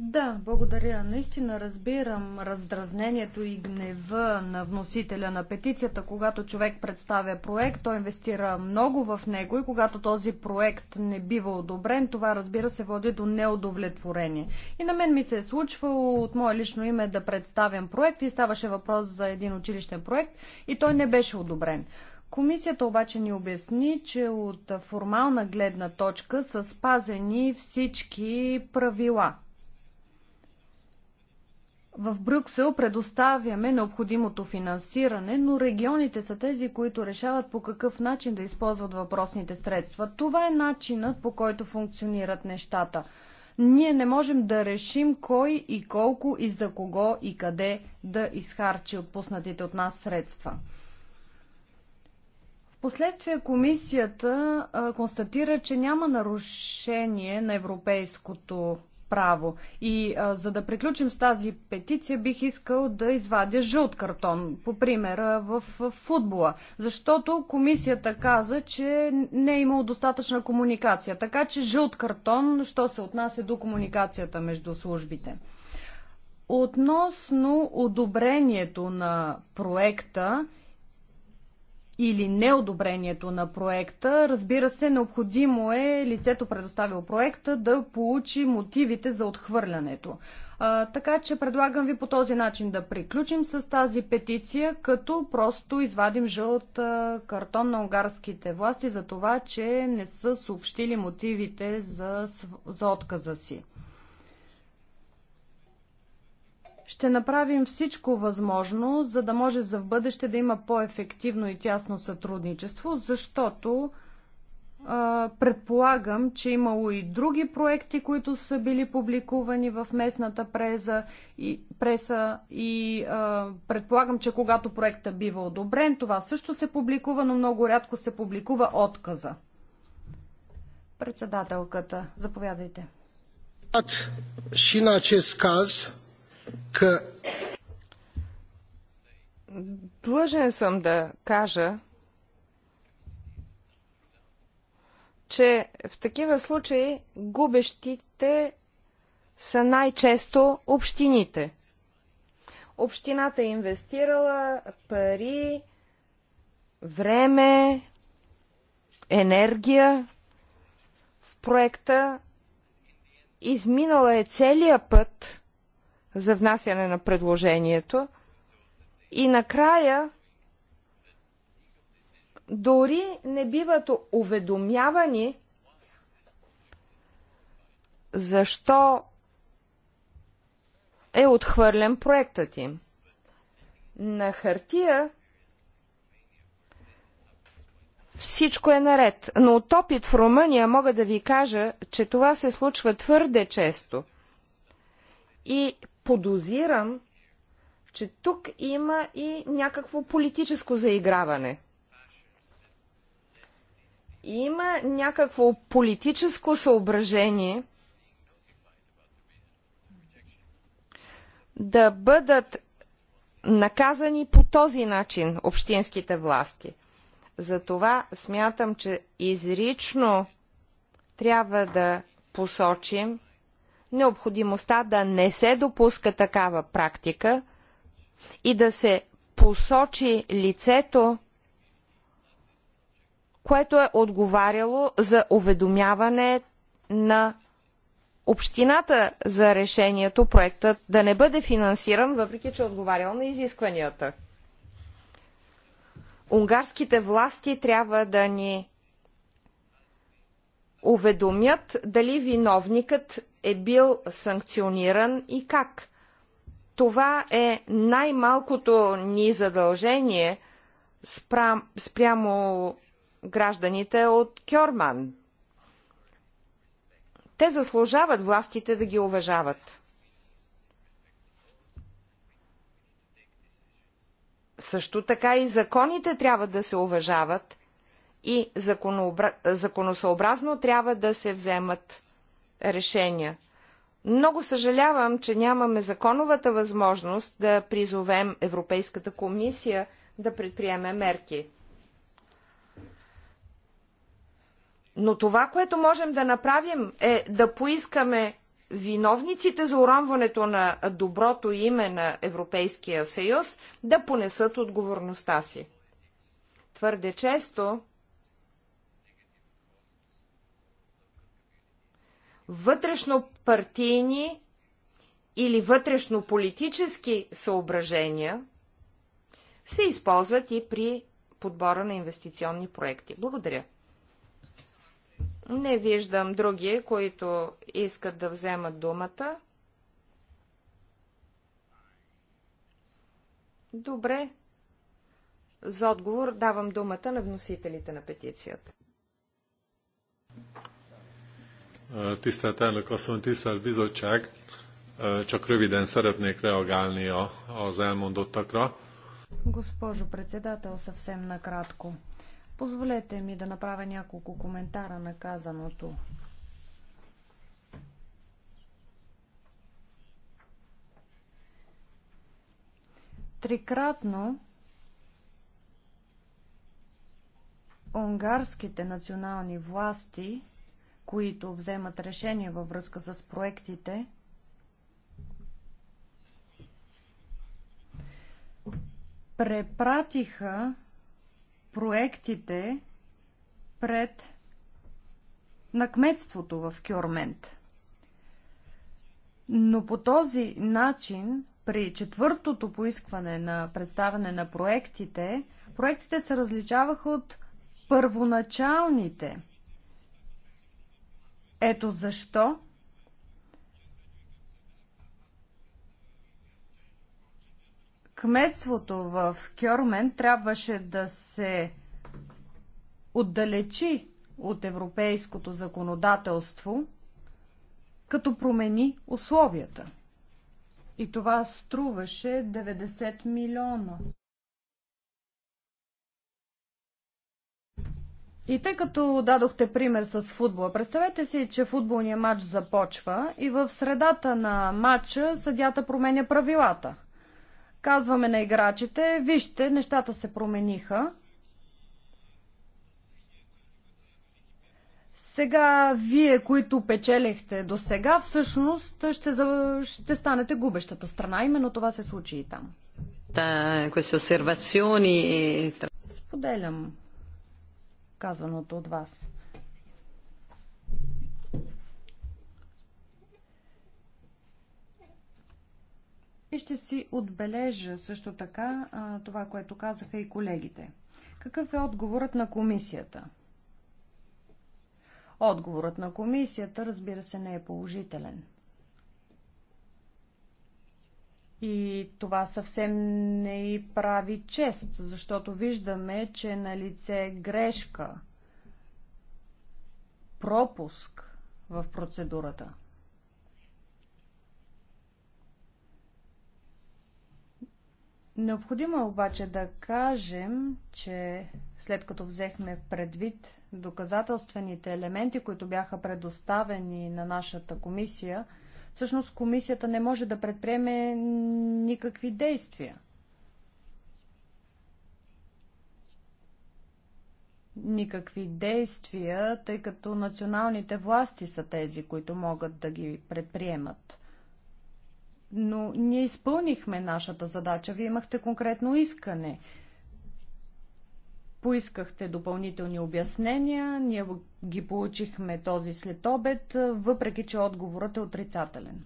Да, благодаря. Наистина разбирам раздразнението и гнева на вносителя на петицията. Когато човек представя проект, той инвестира много в него и когато този проект не бива одобрен, това разбира се води до неудовлетворение. И на мен ми се е случвало от мое лично име да представям проект и ставаше въпрос за един училищен проект и той не беше одобрен. Комисията обаче ни обясни, че от формална гледна точка са спазени всички правила. В Брюксел предоставяме необходимото финансиране, но регионите са тези, които решават по какъв начин да използват въпросните средства. Това е начинът по който функционират нещата. Ние не можем да решим кой и колко и за кого и къде да изхарчи отпуснатите от нас средства. Впоследствие комисията а, констатира, че няма нарушение на европейското право. И а, за да приключим с тази петиция, бих искал да извадя жълт картон, по примера в, в футбола. Защото комисията каза, че не е имало достатъчна комуникация. Така че жълт картон, що се отнася до комуникацията между службите. Относно одобрението на проекта, или неодобрението на проекта. Разбира се, необходимо е лицето предоставило проекта да получи мотивите за отхвърлянето. А, така че предлагам ви по този начин да приключим с тази петиция, като просто извадим жълт картон на унгарските власти за това, че не са съобщили мотивите за, за отказа си. Ще направим всичко възможно, за да може за в бъдеще да има по-ефективно и тясно сътрудничество, защото предполагам, че имало и други проекти, които са били публикувани в местната преза и, преса и а, предполагам, че когато проекта бива одобрен, това също се публикува, но много рядко се публикува отказа. Председателката, заповядайте. Și în acest caz, к... Длъжен съм да кажа, че в такива случаи губещите са най-често общините. Общината е инвестирала пари, време, енергия в проекта, изминала е целия път за внасяне на предложението. И накрая, дори не биват уведомявани защо е отхвърлен проектът им. На хартия всичко е наред, но от опит в Румъния мога да ви кажа, че това се случва твърде често. И подозирам, че тук има и някакво политическо заиграване. Има някакво политическо съображение да бъдат наказани по този начин общинските власти. Затова смятам, че изрично трябва да посочим, необходимостта да не се допуска такава практика и да се посочи лицето, което е отговаряло за уведомяване на общината за решението проектът да не бъде финансиран, въпреки че е отговарял на изискванията. Унгарските власти трябва да ни уведомят дали виновникът е бил санкциониран и как. Това е най-малкото ни задължение спрям, спрямо гражданите от Кьорман. Те заслужават властите да ги уважават. Също така и законите трябва да се уважават и законосъобразно трябва да се вземат решения. Много съжалявам, че нямаме законовата възможност да призовем Европейската комисия да предприеме мерки. Но това, което можем да направим е да поискаме виновниците за уронването на доброто име на Европейския съюз да понесат отговорността си. Твърде често Вътрешно партийни или вътрешно политически съображения се използват и при подбора на инвестиционни проекти. Благодаря. Не виждам други, които искат да вземат думата. Добре. За отговор давам думата на вносителите на петицията. Tisztelt elnök asszony, tisztelt bizottság! Csak röviden szeretnék reagálni az elmondottakra. Госпожо председател, съвсем накратко. Позволете ми да направя няколко коментара на казаното. Трикратно унгарските национални власти – които вземат решения във връзка с проектите, препратиха проектите пред на кметството в Кюрмент. Но по този начин, при четвъртото поискване на представяне на проектите, проектите се различаваха от първоначалните – ето защо кметството в Кьормен трябваше да се отдалечи от европейското законодателство, като промени условията. И това струваше 90 милиона. И тъй като дадохте пример с футбола, представете си, че футболният матч започва и в средата на матча съдята променя правилата. Казваме на играчите, вижте, нещата се промениха. Сега вие, които печелихте до сега, всъщност ще, за... ще станете губещата страна. Именно това се случи и там. Eh, Споделям казаното от вас. И ще си отбележа също така а, това, което казаха и колегите. Какъв е отговорът на комисията? Отговорът на комисията, разбира се, не е положителен. И това съвсем не и прави чест, защото виждаме, че е на лице грешка, пропуск в процедурата. Необходимо е обаче да кажем, че след като взехме предвид доказателствените елементи, които бяха предоставени на нашата комисия, всъщност комисията не може да предприеме никакви действия. Никакви действия, тъй като националните власти са тези, които могат да ги предприемат. Но ние изпълнихме нашата задача. Вие имахте конкретно искане поискахте допълнителни обяснения, ние ги получихме този след обед, въпреки че отговорът е отрицателен.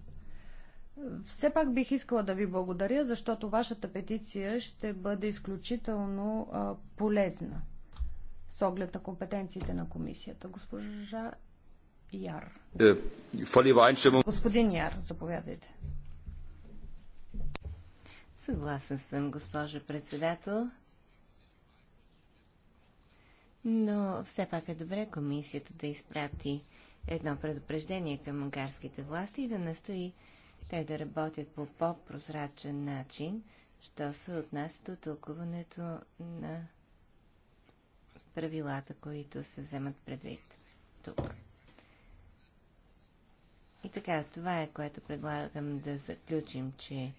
Все пак бих искала да ви благодаря, защото вашата петиция ще бъде изключително а, полезна с оглед на компетенциите на комисията. Госпожа Яр. Е, Господин Яр, заповядайте. Съгласен съм, госпожа председател но все пак е добре комисията да изпрати едно предупреждение към унгарските власти и да настои те да работят по по-прозрачен начин, що се отнася до тълкуването на правилата, които се вземат предвид тук. И така, това е което предлагам да заключим, че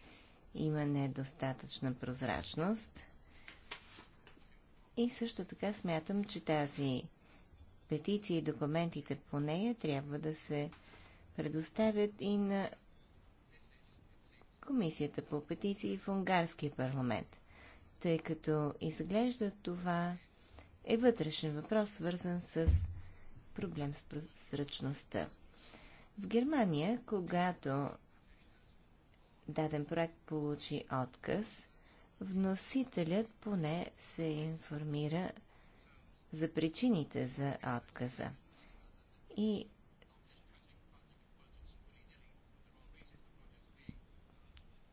има недостатъчна прозрачност – и също така смятам, че тази петиция и документите по нея трябва да се предоставят и на Комисията по петиции в Унгарския парламент, тъй като изглежда това е вътрешен въпрос, свързан с проблем с прозрачността. В Германия, когато даден проект получи отказ, вносителят поне се информира за причините за отказа. И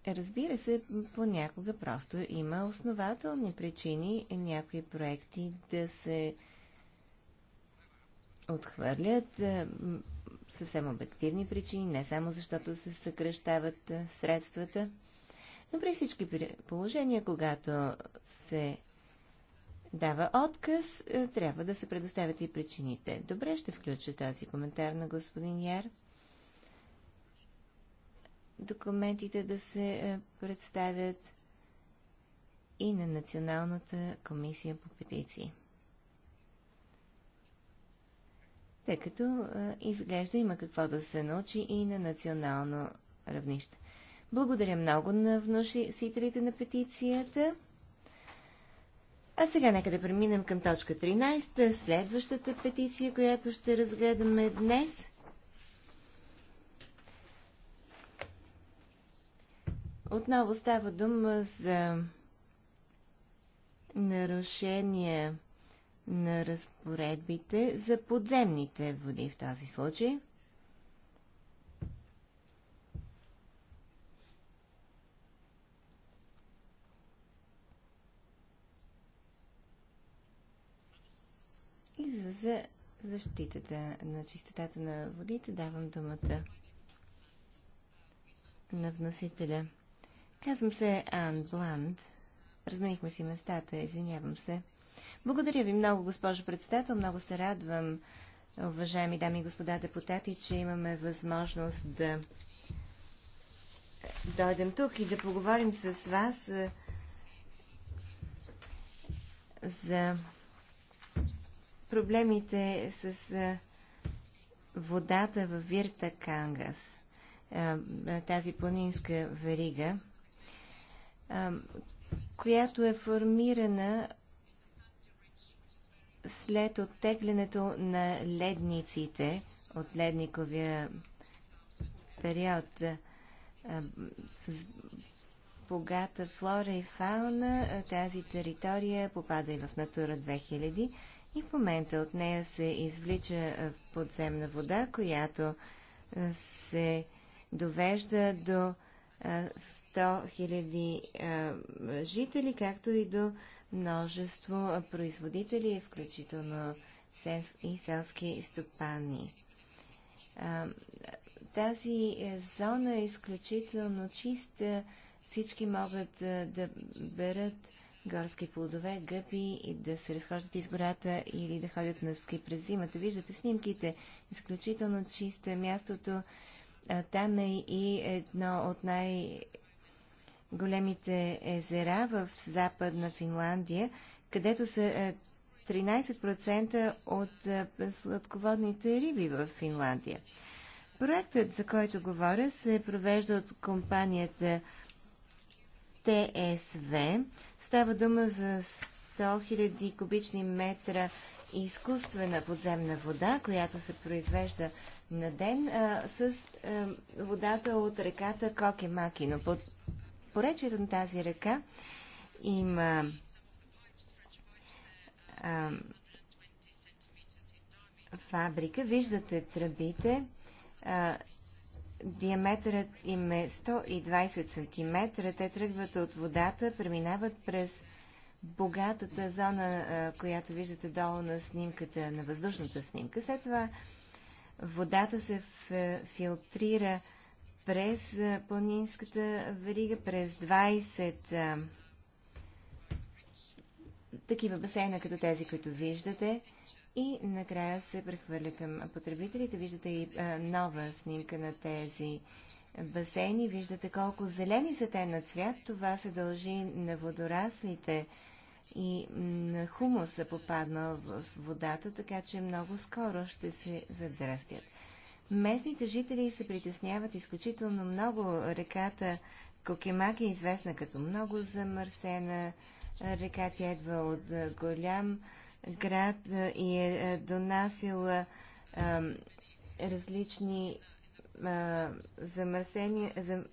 Разбира се, понякога просто има основателни причини някои проекти да се отхвърлят е, съвсем обективни причини, не само защото се съкръщават е, средствата. Но при всички положения, когато се дава отказ, е, трябва да се предоставят и причините. Добре, ще включа този коментар на господин Яр. Документите да се е, представят и на Националната комисия по петиции. Тъй като е, изглежда има какво да се научи и на национално равнище. Благодаря много на вносителите на петицията. А сега нека да преминем към точка 13, следващата петиция, която ще разгледаме днес. Отново става дума за нарушение на разпоредбите за подземните води в този случай – за защитата на чистотата на водите. Давам думата на вносителя. Казвам се Ан Бланд. Разменихме си местата, извинявам се. Благодаря ви много, госпожо председател. Много се радвам, уважаеми дами и господа депутати, че имаме възможност да дойдем тук и да поговорим с вас е, за проблемите с водата в Вирта Кангас, тази планинска верига, която е формирана след оттеглянето на ледниците от ледниковия период с богата флора и фауна, тази територия попада и в Натура 2000 и в момента от нея се извлича е, подземна вода, която е, се довежда до 100 е, 000 жители, както и до множество производители, включително и селски стопани. Тази зона е изключително чиста. Всички могат да берат горски плодове, гъби и да се разхождат из гората или да ходят на ски през зимата. Виждате снимките. Изключително чисто е мястото. Там е и едно от най- големите езера в западна Финландия, където са 13% от сладководните риби в Финландия. Проектът, за който говоря, се провежда от компанията ТСВ. Става дума за 100 000 кубични метра изкуствена подземна вода, която се произвежда на ден а, с а, водата от реката Кокемаки. Но под поречието на тази река има а, фабрика. Виждате тръбите. А, Диаметърът им е 120 см. Те тръгват от водата, преминават през богатата зона, която виждате долу на снимката, на въздушната снимка. След това водата се филтрира през планинската верига, през 20 такива басейна, като тези, които виждате и накрая се прехвърля към потребителите. Виждате и а, нова снимка на тези басейни. Виждате колко зелени са те на цвят. Това се дължи на водораслите и на хумуса попаднал в водата, така че много скоро ще се задръстят. Местните жители се притесняват изключително много. Реката Кокемак е известна като много замърсена река. Тя едва от голям град и е, е донасила различни замърсени, зам,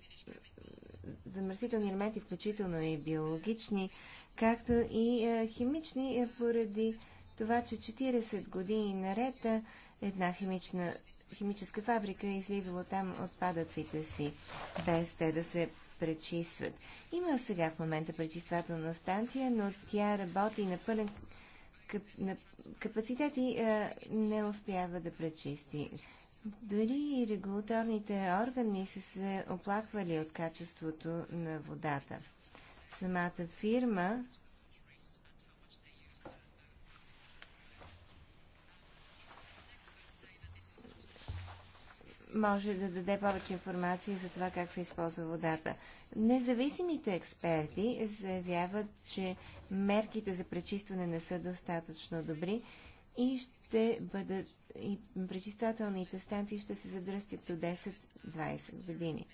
замърсителни елементи, включително и биологични, както и а, химични, е, поради това, че 40 години наред една химична, химическа фабрика е изливала там отпадъците си, без те да се пречистват. Има сега в момента пречиствателна станция, но тя работи на пълен капацитети не успява да пречисти. Дори и регулаторните органи са се оплаквали от качеството на водата. Самата фирма може да даде повече информация за това как се използва водата. Независимите експерти заявяват, че мерките за пречистване не са достатъчно добри и ще бъдат и пречиствателните станции ще се задръстят до 10-20 години.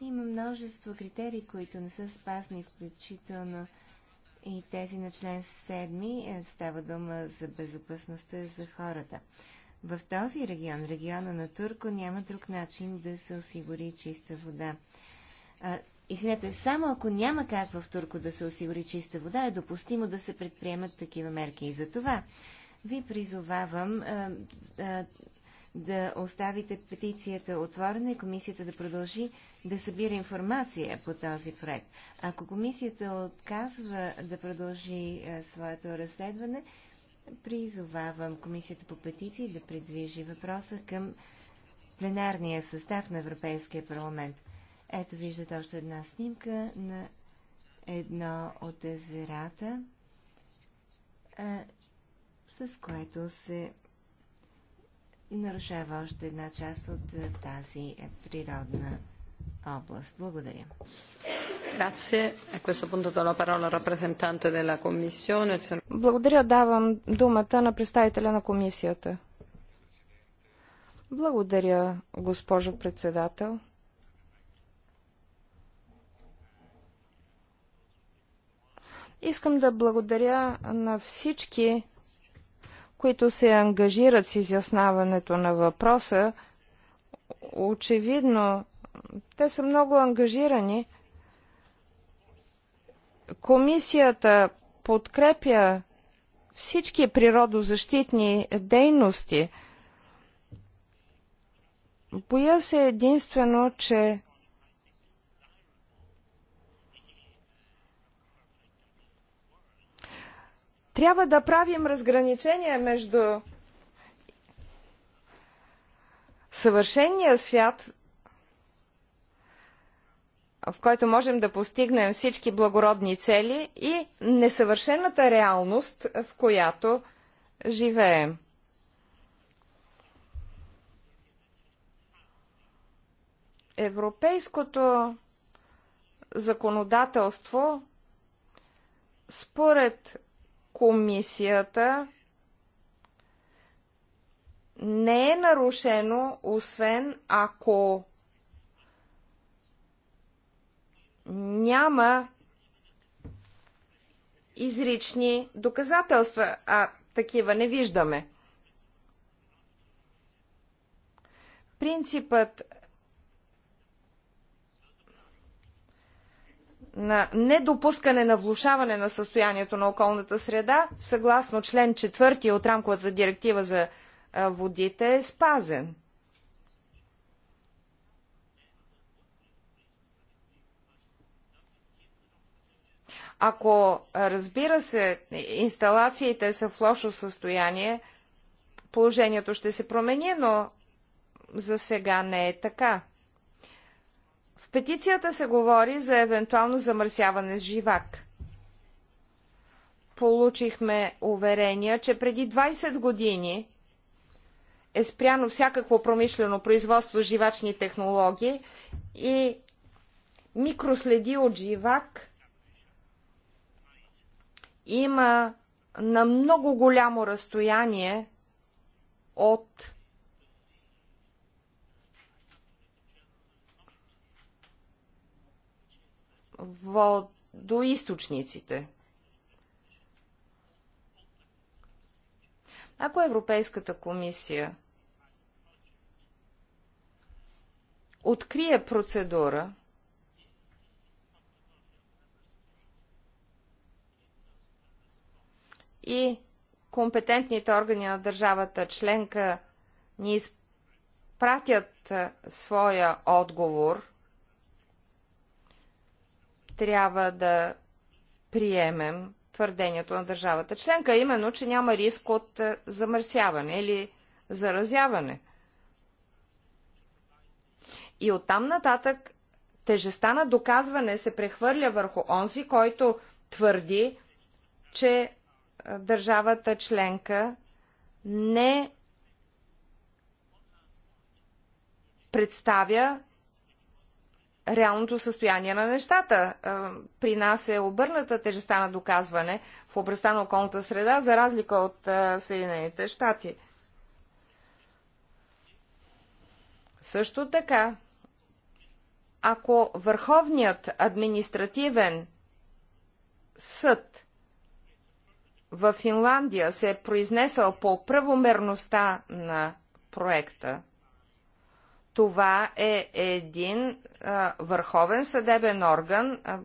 Има множество критерии, които не са спасни, включително и тези на член 7 е, става дума за безопасността за хората в този регион, региона на Турко, няма друг начин да се осигури чиста вода. извинете, само ако няма как в Турко да се осигури чиста вода, е допустимо да се предприемат такива мерки. И за това ви призовавам а, а, да оставите петицията отворена и комисията да продължи да събира информация по този проект. Ако комисията отказва да продължи а, своето разследване, призовавам Комисията по петиции да придвижи въпроса към пленарния състав на Европейския парламент. Ето виждате още една снимка на едно от езерата, с което се нарушава още една част от тази природна област. Благодаря. Благодаря. Давам думата на представителя на комисията. Благодаря, госпожо председател. Искам да благодаря на всички, които се ангажират с изясняването на въпроса. Очевидно те са много ангажирани. Комисията подкрепя всички природозащитни дейности. Боя се единствено, че трябва да правим разграничение между съвършения свят в който можем да постигнем всички благородни цели и несъвършената реалност, в която живеем. Европейското законодателство според комисията не е нарушено, освен ако няма изрични доказателства, а такива не виждаме. Принципът на недопускане на влушаване на състоянието на околната среда, съгласно член 4 от рамковата директива за водите, е спазен. Ако, разбира се, инсталациите са в лошо състояние, положението ще се промени, но за сега не е така. В петицията се говори за евентуално замърсяване с живак. Получихме уверения, че преди 20 години е спряно всякакво промишлено производство с живачни технологии и микроследи от живак има на много голямо разстояние от водоисточниците. Ако Европейската комисия открие процедура, и компетентните органи на държавата членка ни изпратят своя отговор, трябва да приемем твърдението на държавата членка, именно, че няма риск от замърсяване или заразяване. И оттам нататък тежестта на доказване се прехвърля върху онзи, който твърди, че държавата членка не представя реалното състояние на нещата. Е, при нас е обърната тежеста на доказване в областта на околната среда, за разлика от е, Съединените щати. Също така, ако Върховният административен съд във Финландия се е произнесъл по правомерността на проекта, това е един а, върховен съдебен орган, а,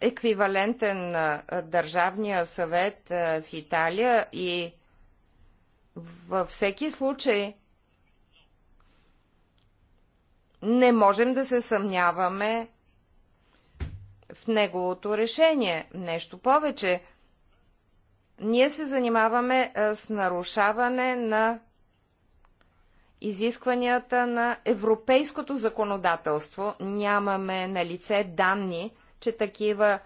еквивалентен на Държавния съвет а, в Италия и във всеки случай не можем да се съмняваме в неговото решение. Нещо повече, ние се занимаваме е, с нарушаване на изискванията на европейското законодателство. Нямаме на лице данни, че такива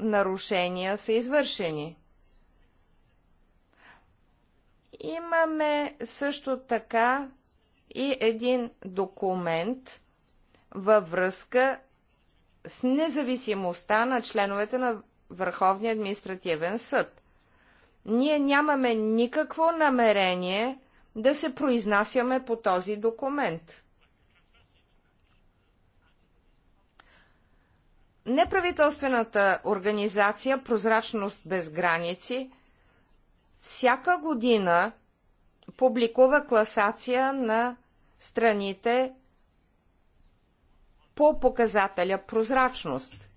нарушения са извършени. Имаме също така и един документ във връзка с независимостта на членовете на Върховния административен съд. Ние нямаме никакво намерение да се произнасяме по този документ. Неправителствената организация Прозрачност без граници всяка година публикува класация на страните по показателя прозрачност.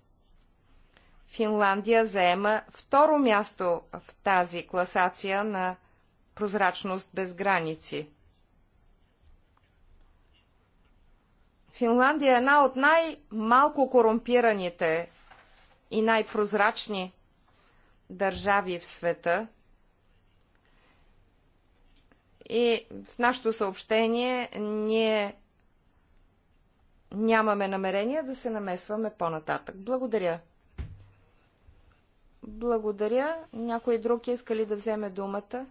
Финландия заема второ място в тази класация на прозрачност без граници. Финландия е една от най-малко корумпираните и най-прозрачни държави в света. И в нашето съобщение ние нямаме намерение да се намесваме по-нататък. Благодаря. Благодаря. Някой друг иска ли да вземе думата?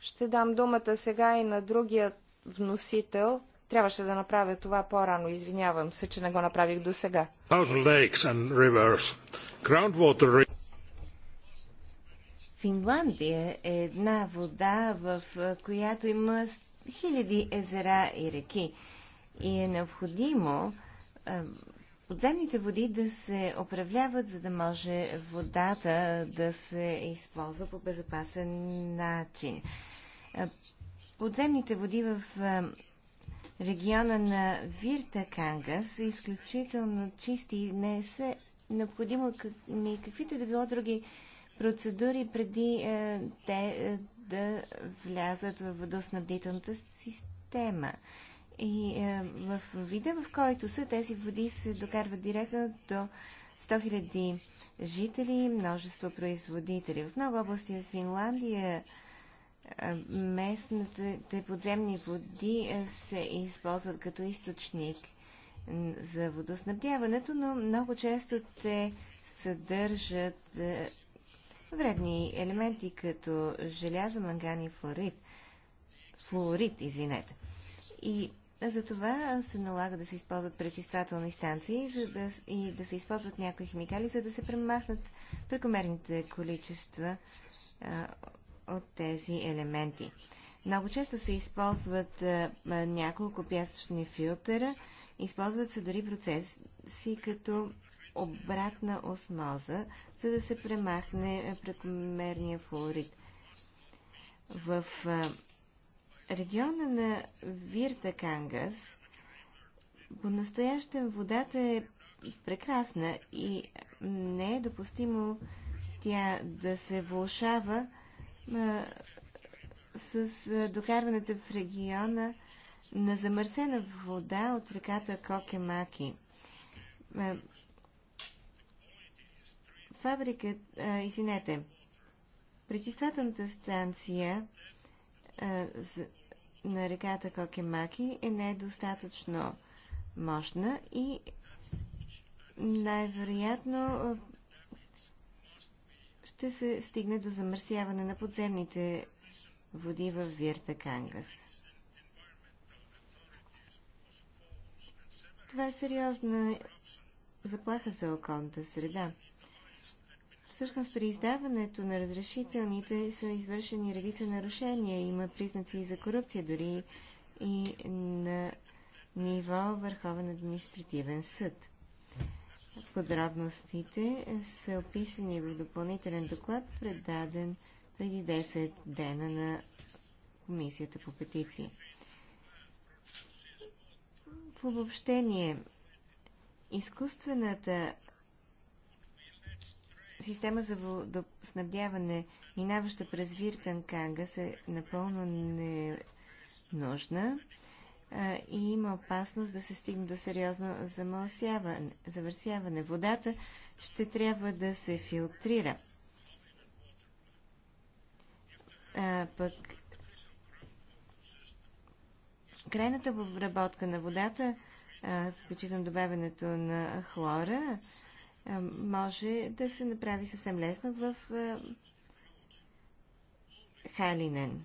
Ще дам думата сега и на другия вносител. Трябваше да направя това по-рано. Извинявам се, че не го направих до сега. Финландия е една вода, в която има хиляди езера и реки и е необходимо подземните води да се управляват, за да може водата да се използва по безопасен начин. Подземните води в региона на Вирта Канга са изключително чисти и не са необходимо никаквито да било други процедури преди те да влязат в водоснабдителната система. И е, в вида, в който са, тези води се докарват директно до 100 000 жители, множество производители. В много области в Финландия е, местните подземни води е, се използват като източник за водоснабдяването, но много често те съдържат вредни елементи като желязо, манган и флорид. Флорид, извинете. И затова се налага да се използват пречиствателни станции за да, и да се използват някои химикали, за да се премахнат прекомерните количества а, от тези елементи. Много често се използват а, няколко пясъчни филтъра, използват се дори процеси като обратна осмоза, за да се премахне прекомерния флорид. В а, региона на Вирта Кангас по-настоящем водата е прекрасна и не е допустимо тя да се влушава а, с докарването в региона на замърсена вода от реката Кокемаки. фабриката, извинете, пречиствателната станция на реката Кокемаки е недостатъчно мощна и най-вероятно ще се стигне до замърсяване на подземните води в Вирта Кангас. Това е сериозна заплаха за околната среда. Всъщност при издаването на разрешителните са извършени редица нарушения. Има признаци за корупция, дори и на ниво Върховен административен съд. Подробностите са описани в допълнителен доклад, предаден преди 10 дена на Комисията по петиции. В обобщение, изкуствената система за водоснабдяване, минаваща през Виртанканга, е напълно нужна, и има опасност да се стигне до сериозно завърсяване. Водата ще трябва да се филтрира. А, пък крайната обработка на водата, включително добавянето на хлора, може да се направи съвсем лесно в Халинен.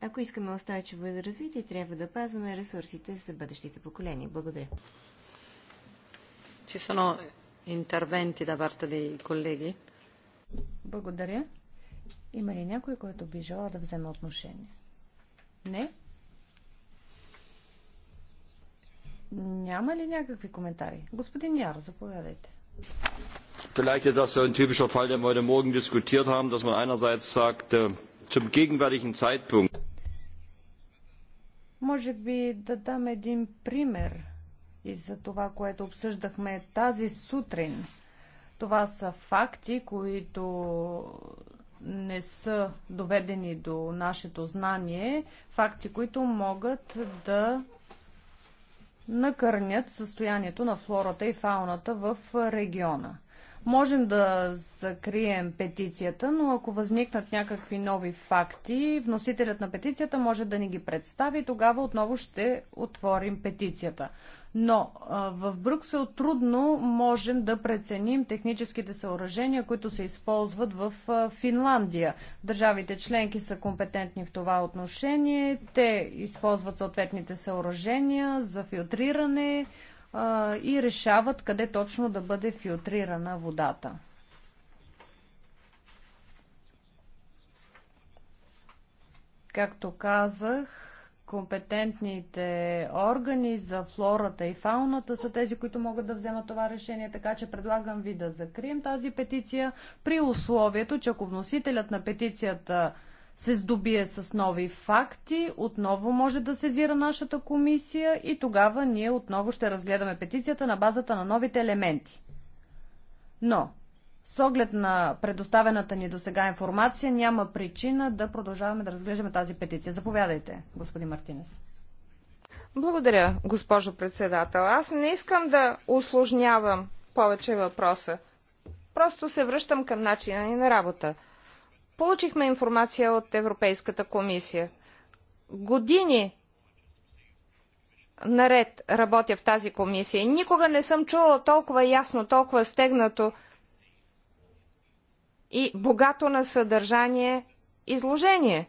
Ако искаме устойчиво да развитие, трябва да пазваме ресурсите за бъдещите поколения. Благодаря. Ci sono interventi da parte dei colleghi? Благодаря. Има ли някой, който би желал да вземе отношение? Не? Няма ли някакви коментари? Господин Яр, заповядайте. Vielleicht ist das so ein typischer Fall, den wir heute Morgen diskutiert haben, dass man einerseits sagt, äh, zum gegenwärtigen Zeitpunkt. Може би да дам един пример и за това, което обсъждахме тази сутрин. Това са факти, които не са доведени до нашето знание, факти, които могат да накърнят състоянието на флората и фауната в региона. Можем да закрием петицията, но ако възникнат някакви нови факти, вносителят на петицията може да ни ги представи и тогава отново ще отворим петицията. Но в Брюксел трудно можем да преценим техническите съоръжения, които се използват в Финландия. Държавите членки са компетентни в това отношение. Те използват съответните съоръжения за филтриране и решават къде точно да бъде филтрирана водата. Както казах, компетентните органи за флората и фауната са тези, които могат да вземат това решение, така че предлагам ви да закрием тази петиция при условието, че ако вносителят на петицията се здобие с нови факти, отново може да сезира нашата комисия и тогава ние отново ще разгледаме петицията на базата на новите елементи. Но с оглед на предоставената ни до сега информация, няма причина да продължаваме да разглеждаме тази петиция. Заповядайте, господин Мартинес. Благодаря, госпожо председател. Аз не искам да усложнявам повече въпроса. Просто се връщам към начина ни на работа. Получихме информация от Европейската комисия. Години наред работя в тази комисия и никога не съм чула толкова ясно, толкова стегнато – и богато на съдържание изложение.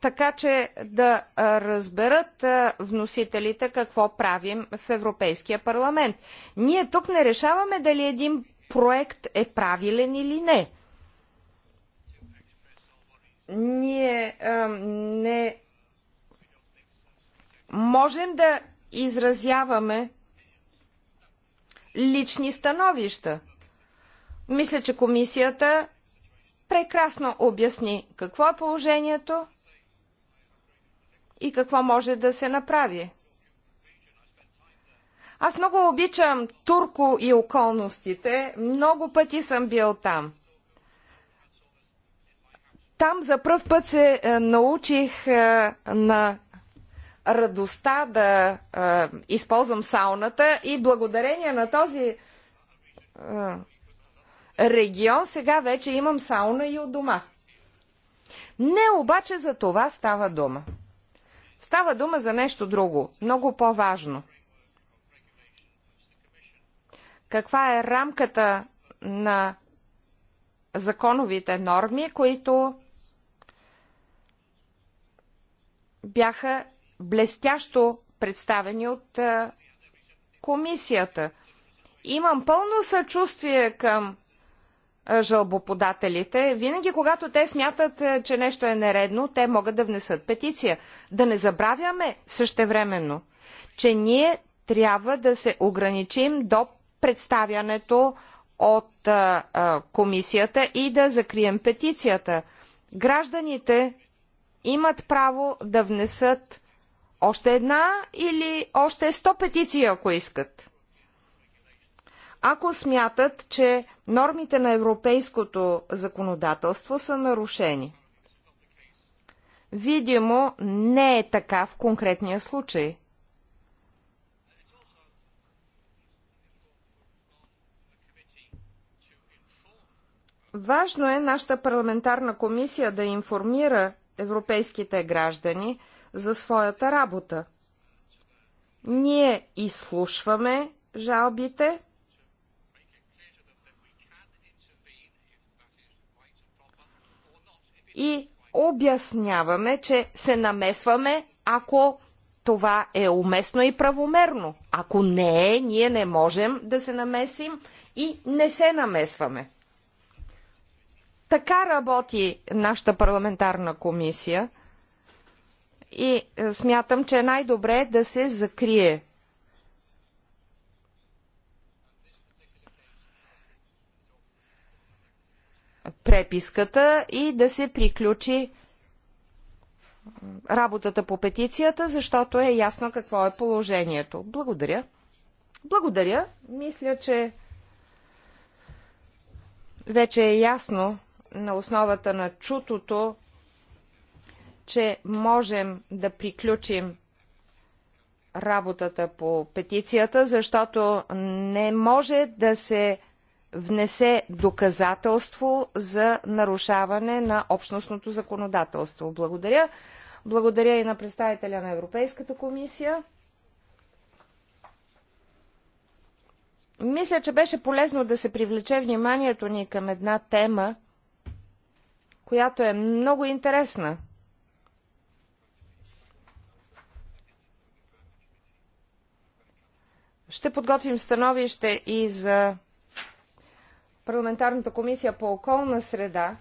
Така че да разберат вносителите какво правим в Европейския парламент. Ние тук не решаваме дали един проект е правилен или не. Ние а, не можем да изразяваме лични становища. Мисля, че комисията прекрасно обясни какво е положението и какво може да се направи. Аз много обичам Турко и околностите. Много пъти съм бил там. Там за пръв път се е, научих е, на радостта да а, използвам сауната и благодарение на този а, регион сега вече имам сауна и от дома. Не обаче за това става дума. Става дума за нещо друго, много по-важно. Каква е рамката на законовите норми, които бяха блестящо представени от комисията. Имам пълно съчувствие към жалбоподателите. Винаги, когато те смятат, че нещо е нередно, те могат да внесат петиция. Да не забравяме същевременно, че ние трябва да се ограничим до представянето от а, а, комисията и да закрием петицията. Гражданите имат право да внесат още една или още сто петиции, ако искат. Ако смятат, че нормите на европейското законодателство са нарушени. Видимо, не е така в конкретния случай. Важно е нашата парламентарна комисия да информира европейските граждани за своята работа. Ние изслушваме жалбите, и обясняваме, че се намесваме, ако това е уместно и правомерно. Ако не е, ние не можем да се намесим и не се намесваме. Така работи нашата парламентарна комисия и е, смятам, че е най-добре да се закрие. преписката и да се приключи работата по петицията, защото е ясно какво е положението. Благодаря. Благодаря. Мисля, че вече е ясно на основата на чутото че можем да приключим работата по петицията, защото не може да се внесе доказателство за нарушаване на общностното законодателство. Благодаря. Благодаря и на представителя на Европейската комисия. Мисля, че беше полезно да се привлече вниманието ни към една тема, която е много интересна – Ще подготвим становище и за парламентарната комисия по околна среда.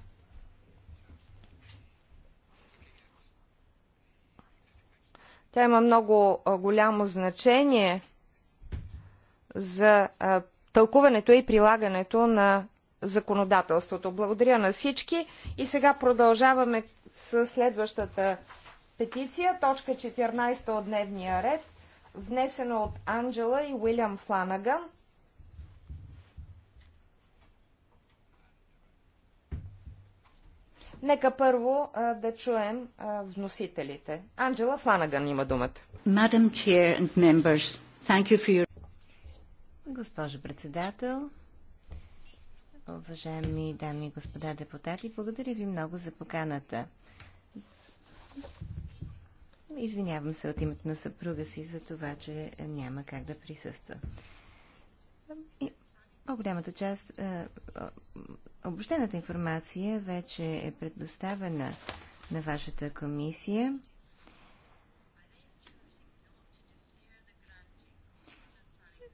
Тя има много голямо значение за тълкуването и прилагането на законодателството. Благодаря на всички и сега продължаваме с следващата петиция, точка 14 от дневния ред внесено от Анджела и Уилям Фланаган. Нека първо а, да чуем а, вносителите. Анджела Фланаган има думата. Madam Chair and members, thank you for your... Госпожо председател, уважаеми дами и господа депутати, благодаря ви много за поканата. Извинявам се от името на съпруга си за това, че няма как да присъства. И по-голямата част, е, обобщената информация вече е предоставена на вашата комисия.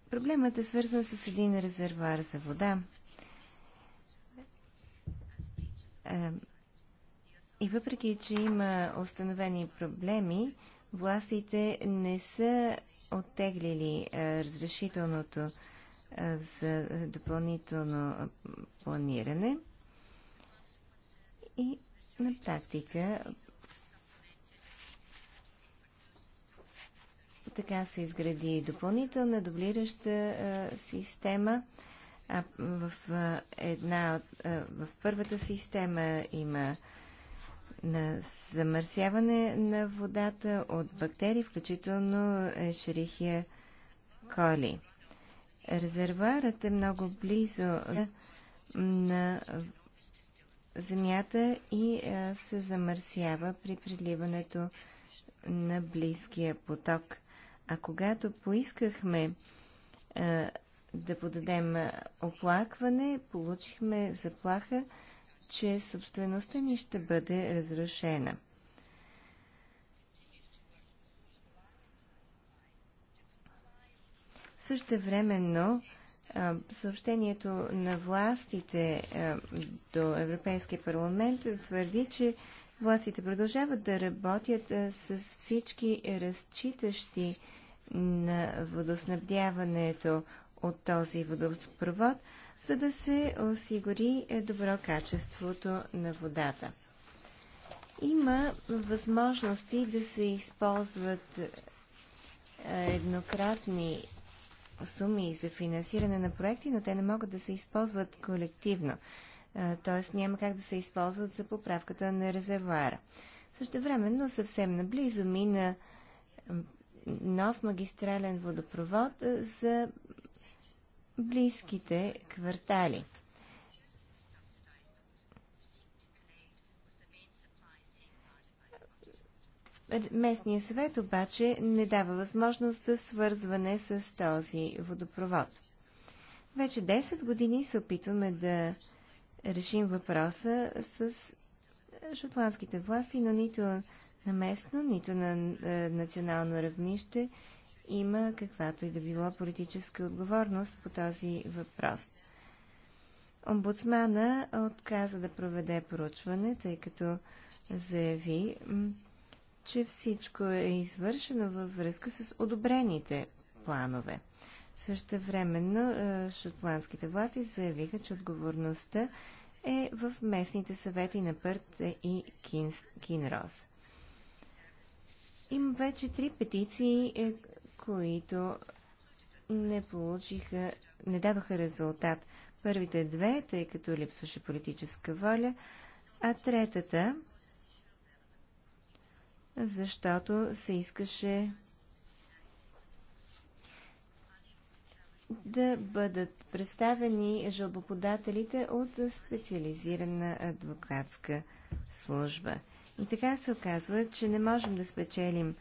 Проблемът е свързан с един резервуар за вода. Е, и въпреки, че има установени проблеми, властите не са оттеглили разрешителното за допълнително планиране и на практика така се изгради допълнителна дублираща система. А в, една, в първата система има на замърсяване на водата от бактерии, включително Шерихия коли. Резервуарът е много близо на земята и се замърсява при приливането на близкия поток. А когато поискахме да подадем оплакване, получихме заплаха, че собствеността ни ще бъде разрушена. Същевременно съобщението на властите до Европейския парламент твърди, че властите продължават да работят с всички разчитащи на водоснабдяването от този водопровод, за да се осигури е, добро качеството на водата. Има възможности да се използват е, еднократни суми за финансиране на проекти, но те не могат да се използват колективно. Т.е. няма как да се използват за поправката на резервуара. Също времено съвсем наблизо мина нов магистрален водопровод е, за близките квартали. Местният съвет обаче не дава възможност за свързване с този водопровод. Вече 10 години се опитваме да решим въпроса с е, шотландските власти, но нито на местно, нито на е, национално равнище има каквато и да било политическа отговорност по този въпрос. Омбудсмана отказа да проведе поручване, тъй като заяви, че всичко е извършено във връзка с одобрените планове. Също времено е, шотландските власти заявиха, че отговорността е в местните съвети на Пърт и Кинрос. Кинрос. Има вече три петиции, е, които не получиха, не дадоха резултат. Първите две, тъй като липсваше политическа воля, а третата, защото се искаше да бъдат представени жалбоподателите от специализирана адвокатска служба. И така се оказва, че не можем да спечелим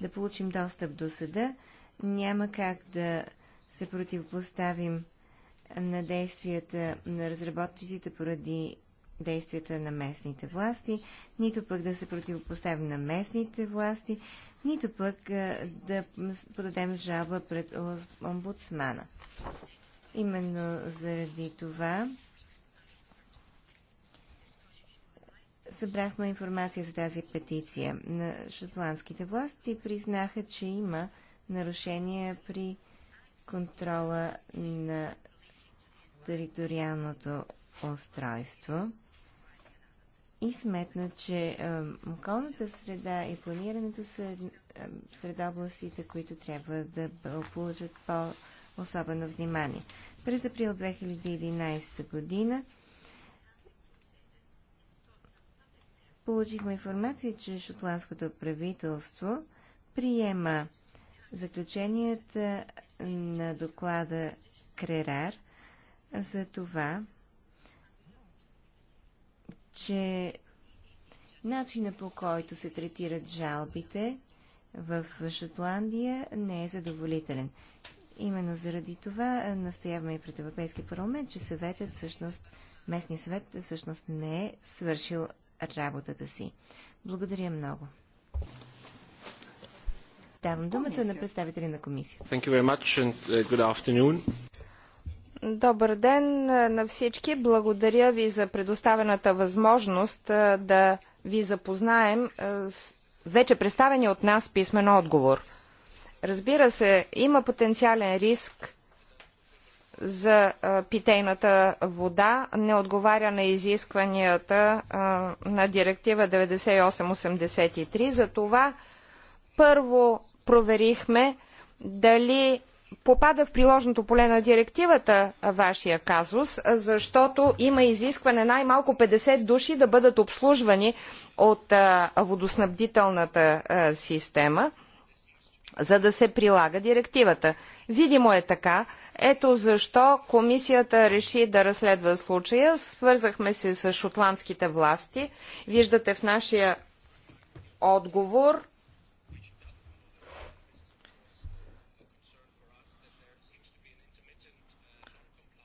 да получим достъп до съда, няма как да се противопоставим на действията на разработчиците поради действията на местните власти, нито пък да се противопоставим на местните власти, нито пък да подадем жалба пред омбудсмана. Именно заради това събрахме информация за тази петиция. На шотландските власти признаха, че има нарушения при контрола на териториалното устройство и сметна, че е, околната среда и планирането са е, сред областите, които трябва да получат по-особено внимание. През април 2011 година получихме информация, че шотландското правителство приема заключенията на доклада Крерар за това, че начина по който се третират жалбите в Шотландия не е задоволителен. Именно заради това настояваме и пред Европейския парламент, че съветът всъщност, местният съвет всъщност не е свършил работата си. Благодаря много. Давам думата на представители на комисията. Uh, Добър ден е, на всички. Благодаря ви за предоставената възможност е, да ви запознаем е, с вече представени от нас писмен отговор. Разбира се, има потенциален риск за питейната вода не отговаря на изискванията на директива 9883. Затова първо проверихме дали попада в приложното поле на директивата вашия казус, защото има изискване най-малко 50 души да бъдат обслужвани от водоснабдителната система, за да се прилага директивата. Видимо е така, ето защо комисията реши да разследва случая. Свързахме се с шотландските власти. Виждате в нашия отговор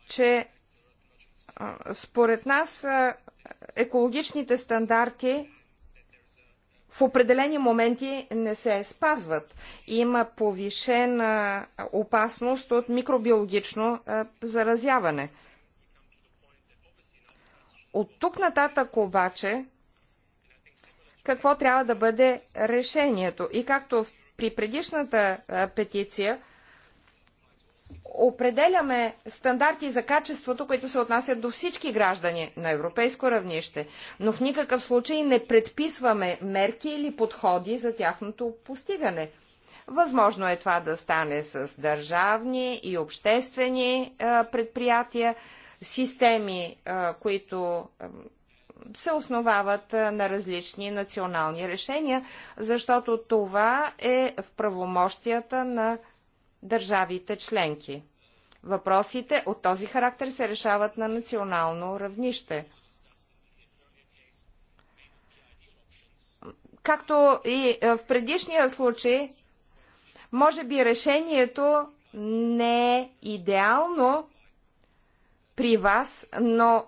че според нас екологичните стандарти в определени моменти не се спазват. Има повишена опасност от микробиологично е, заразяване. От тук нататък обаче, какво трябва да бъде решението? И както при предишната е, петиция, определяме стандарти за качеството, които се отнасят до всички граждани на европейско равнище, но в никакъв случай не предписваме мерки или подходи за тяхното постигане. Възможно е това да стане с държавни и обществени предприятия, системи, които се основават на различни национални решения, защото това е в правомощията на държавите членки. Въпросите от този характер се решават на национално равнище. Както и е, в предишния случай, може би решението не е идеално при вас, но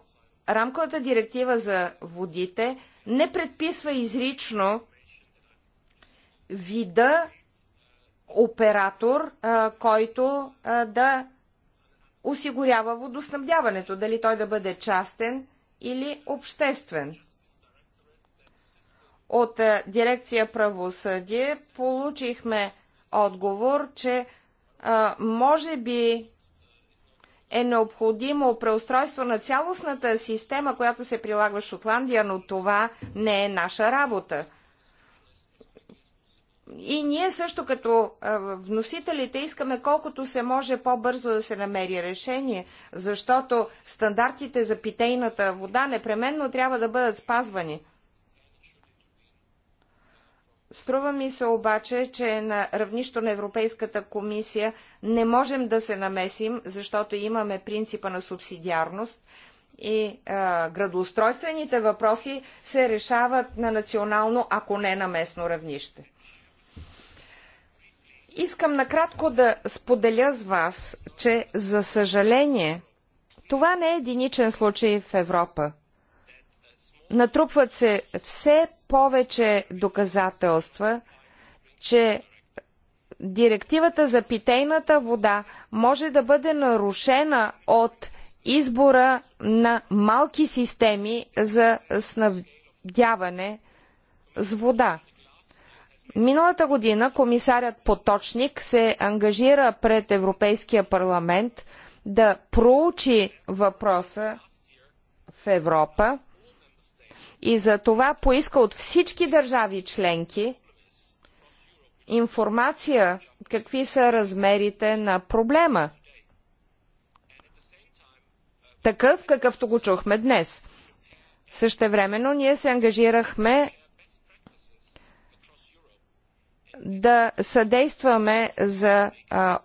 рамковата директива за водите не предписва изрично вида оператор, който да осигурява водоснабдяването, дали той да бъде частен или обществен. От дирекция правосъдие получихме отговор, че може би е необходимо преустройство на цялостната система, която се прилага в Шотландия, но това не е наша работа. И ние също като вносителите искаме колкото се може по-бързо да се намери решение, защото стандартите за питейната вода непременно трябва да бъдат спазвани. Струва ми се обаче, че на равнището на Европейската комисия не можем да се намесим, защото имаме принципа на субсидиарност и а, градоустройствените въпроси се решават на национално, ако не на местно равнище. Искам накратко да споделя с вас, че за съжаление това не е единичен случай в Европа. Натрупват се все повече доказателства, че директивата за питейната вода може да бъде нарушена от избора на малки системи за снабдяване с вода. Миналата година комисарят Поточник се ангажира пред Европейския парламент да проучи въпроса в Европа и за това поиска от всички държави членки информация какви са размерите на проблема. Такъв, какъвто го чухме днес. Същевременно ние се ангажирахме да съдействаме за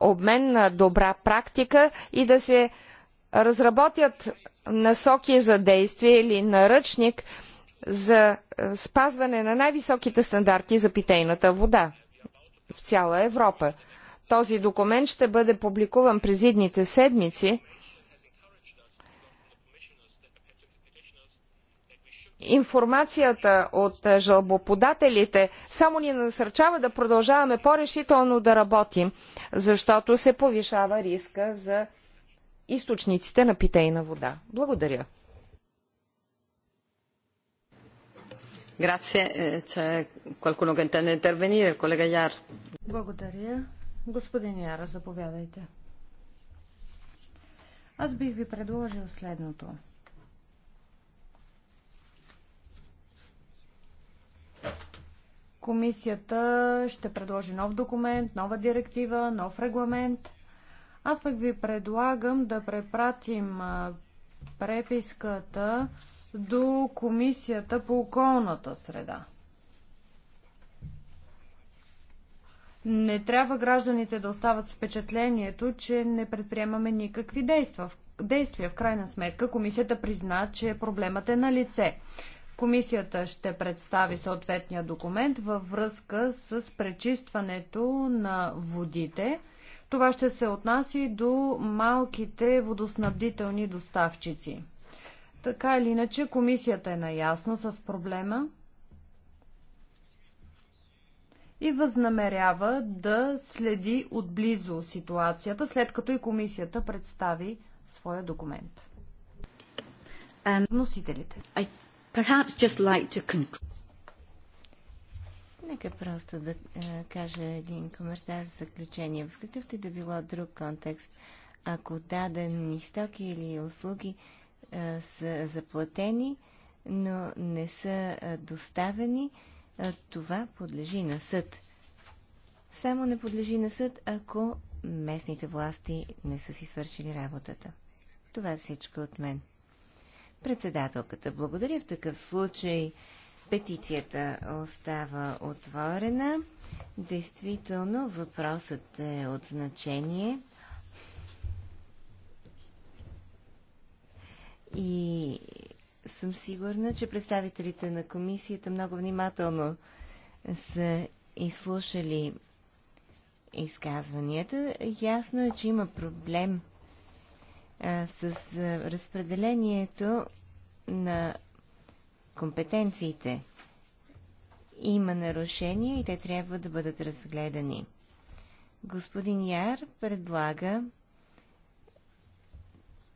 обмен на добра практика и да се разработят насоки за действие или наръчник за спазване на най-високите стандарти за питейната вода в цяла Европа. Този документ ще бъде публикуван през идните седмици информацията от е, жалбоподателите само ни насърчава да продължаваме по-решително да работим, защото се повишава риска за източниците на питейна вода. Благодаря. Е, Благодаря. Господин Яра, заповядайте. Аз бих ви предложил следното. Комисията ще предложи нов документ, нова директива, нов регламент. Аз пък ви предлагам да препратим преписката до Комисията по околната среда. Не трябва гражданите да остават с впечатлението, че не предприемаме никакви действия. В крайна сметка комисията призна, че проблемът е на лице. Комисията ще представи съответния документ във връзка с пречистването на водите. Това ще се отнаси до малките водоснабдителни доставчици. Така или иначе, комисията е наясно с проблема и възнамерява да следи отблизо ситуацията, след като и комисията представи своя документ. Вносителите. Um, perhaps just like to conclude. Нека просто да е, кажа един коментар в заключение. В какъвто и да било друг контекст, ако дадени стоки или услуги е, са заплатени, но не са е, доставени, това подлежи на съд. Само не подлежи на съд, ако местните власти не са си свършили работата. Това е всичко от мен. Председателката, благодаря. В такъв случай петицията остава отворена. Действително, въпросът е от значение. И съм сигурна, че представителите на комисията много внимателно са изслушали изказванията. Ясно е, че има проблем – а, с разпределението на компетенциите има нарушения и те трябва да бъдат разгледани. Господин Яр предлага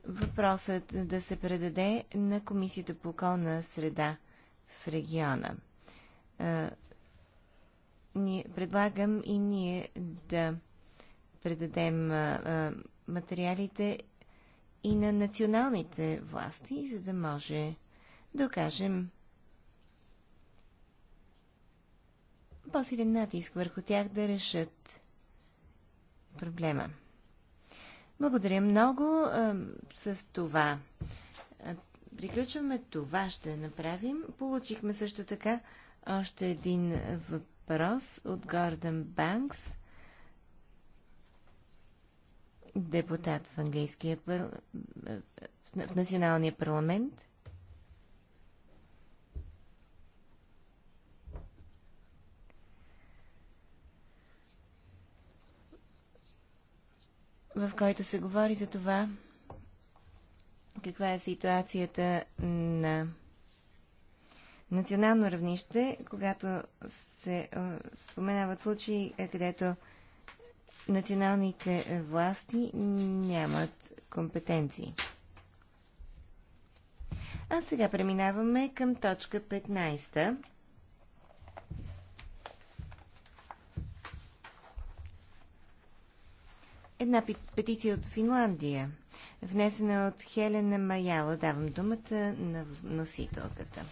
въпросът да се предаде на Комисията по околна среда в региона. предлагам и ние да предадем материалите и на националните власти, за да може да окажем по-силен натиск върху тях да решат проблема. Благодаря много а, с това. А, приключваме това, ще направим. Получихме също така още един въпрос от Гордън Банкс депутат в английския пар... в националния парламент. в който се говори за това каква е ситуацията на национално равнище, когато се споменават случаи, където националните власти нямат компетенции. А сега преминаваме към точка 15. Една петиция от Финландия, внесена от Хелена Маяла. Давам думата на носителката.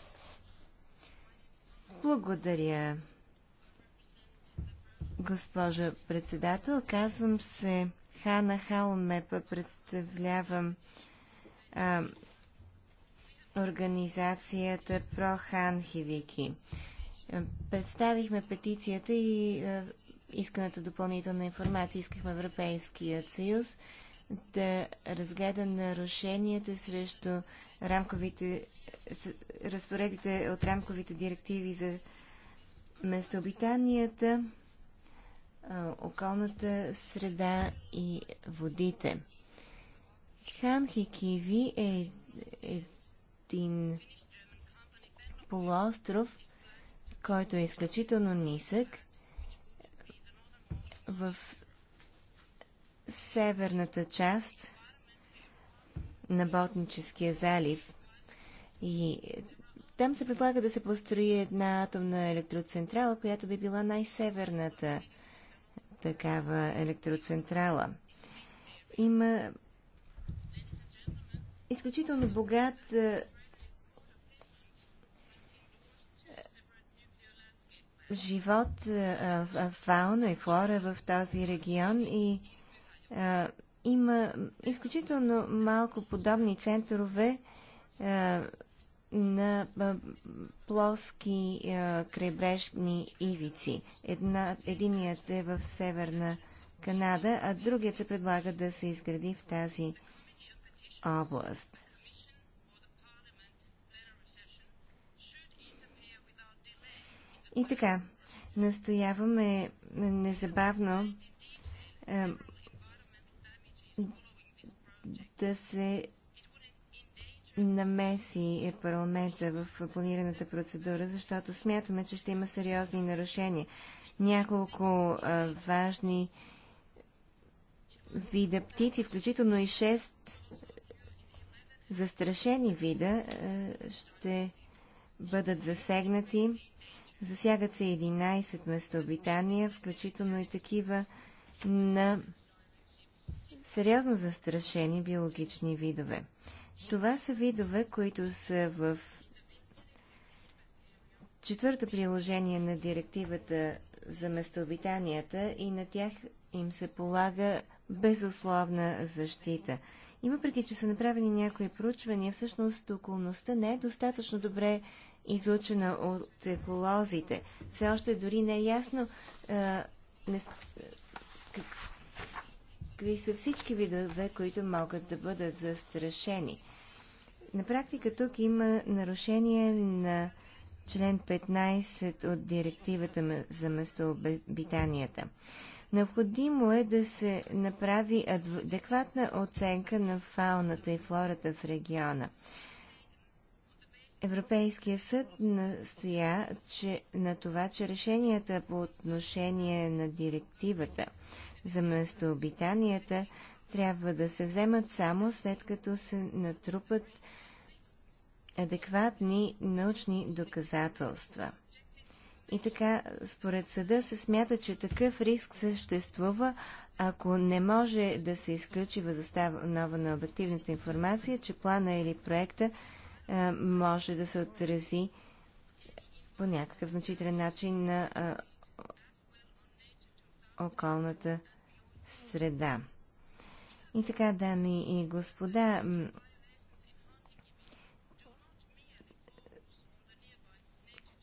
Благодаря госпожа председател. Казвам се Хана Хаумепа, представлявам а, организацията Прохан Хивики. Представихме петицията и а, исканата допълнителна информация. Искахме Европейският съюз да разгледа нарушенията срещу рамковите разпоредбите от рамковите директиви за местообитанията околната среда и водите. Хан Хикиви е един полуостров, който е изключително нисък. В северната част на Ботническия залив и там се предлага да се построи една атомна електроцентрала, която би била най-северната такава електроцентрала. Има изключително богат е, живот, е, е, фауна и флора в този регион и има изключително малко подобни центрове на плоски крайбрежни ивици. Една, единият е в Северна Канада, а другият се предлага да се изгради в тази област. И така, настояваме незабавно е, да се намеси парламента в планираната процедура, защото смятаме, че ще има сериозни нарушения. Няколко а, важни вида птици, включително и 6 застрашени вида, ще бъдат засегнати. Засягат се 11 местообитания, включително и такива на сериозно застрашени биологични видове. Това са видове, които са в четвърто приложение на директивата за местообитанията и на тях им се полага безусловна защита. И въпреки, че са направени някои проучвания, всъщност околността не е достатъчно добре изучена от еколозите. Все още дори не е ясно а, не, как, какви са всички видове, които могат да бъдат застрашени. На практика тук има нарушение на член 15 от директивата за местообитанията. Необходимо е да се направи адекватна оценка на фауната и флората в региона. Европейския съд настоя че, на това, че решенията по отношение на директивата за местообитанията трябва да се вземат само след като се натрупат адекватни научни доказателства. И така, според съда се смята, че такъв риск съществува, ако не може да се изключи възостанова на обективната информация, че плана или проекта а, може да се отрази по някакъв значителен начин на а, околната среда. И така, дами и господа,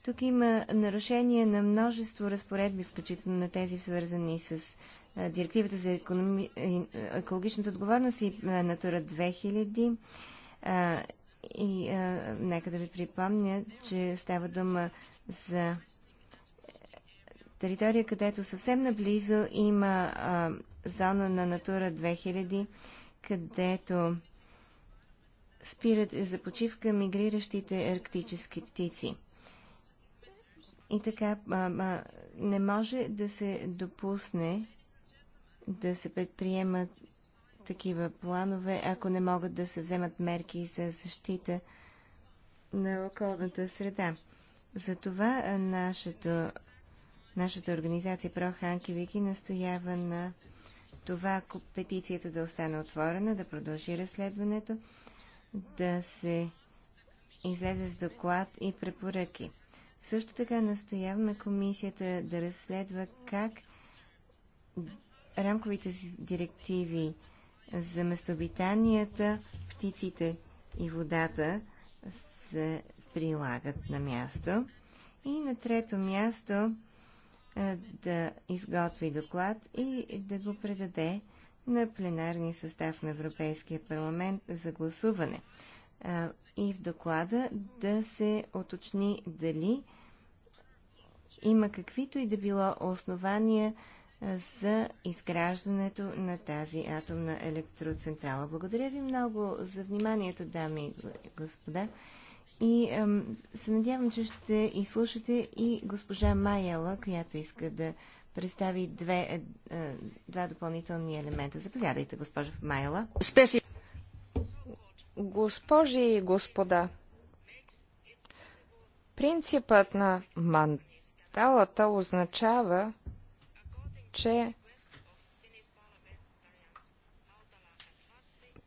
тук има нарушение на множество разпоредби, включително на тези свързани с Директивата за економи... екологичната отговорност и Натура 2000. и а, нека да ви припомня, че става дума за територия, където съвсем наблизо има а, зона на Натура 2000, където спират за почивка мигриращите арктически птици. И така, а, а, не може да се допусне да се предприемат такива планове, ако не могат да се вземат мерки за защита на околната среда. Затова нашето Нашата организация Проханки Вики настоява на това петицията да остане отворена, да продължи разследването, да се излезе с доклад и препоръки. Също така настояваме комисията да разследва как рамковите си директиви за местообитанията, птиците и водата се прилагат на място. И на трето място е, да изготви доклад и да го предаде на пленарния състав на Европейския парламент за гласуване. И в доклада да се оточни дали има каквито и да било основания за изграждането на тази атомна електроцентрала. Благодаря ви много за вниманието, дами и господа. И ем, се надявам, че ще изслушате и госпожа Майела, която иска да представи две, е, е два допълнителни елемента. Заповядайте, госпожа Майела. Спеси. Госпожи и господа, принципът на манталата означава, че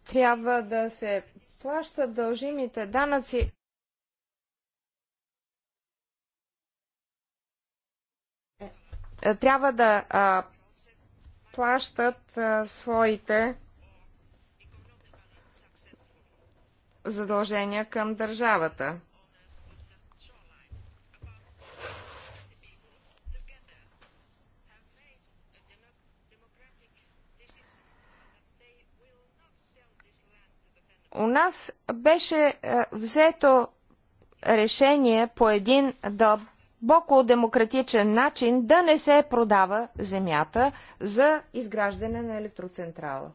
трябва да се плащат дължимите данъци Е, трябва да а, плащат а, своите задължения към държавата. У нас беше а, е, взето решение по един дълб дълбоко демократичен начин да не се продава земята за изграждане на електроцентрала.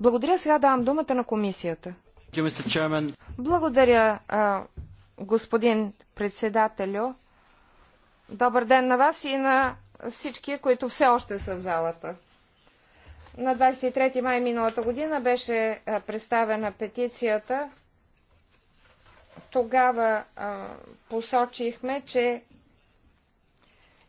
Благодаря. Сега давам думата на комисията. Благодаря, господин председателю. Добър ден на вас и на всички, които все още са в залата. На 23 май миналата година беше представена петицията. Тогава а, посочихме, че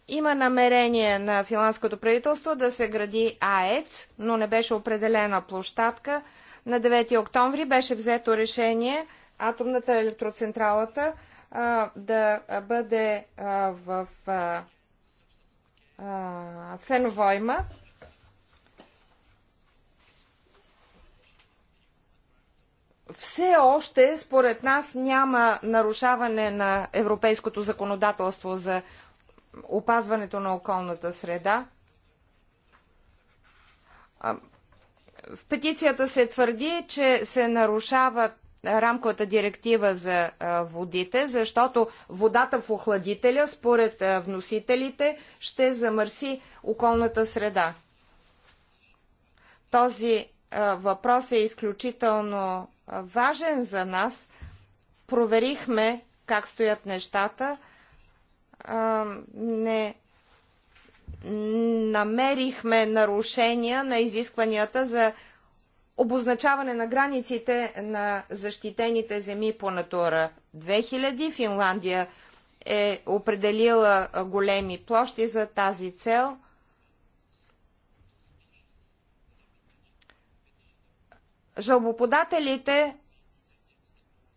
има намерение на финландското правителство да се гради АЕЦ, но не беше определена площадка. На 9 октомври беше взето решение атомната електроцентралата а, да бъде а, в а, Феновойма. все още, според нас, няма нарушаване на европейското законодателство за опазването на околната среда. В петицията се твърди, че се нарушава рамковата директива за водите, защото водата в охладителя, според вносителите, ще замърси околната среда. Този въпрос е изключително важен за нас. Проверихме как стоят нещата. Не намерихме нарушения на изискванията за обозначаване на границите на защитените земи по натура 2000. Финландия е определила големи площи за тази цел – Жалбоподателите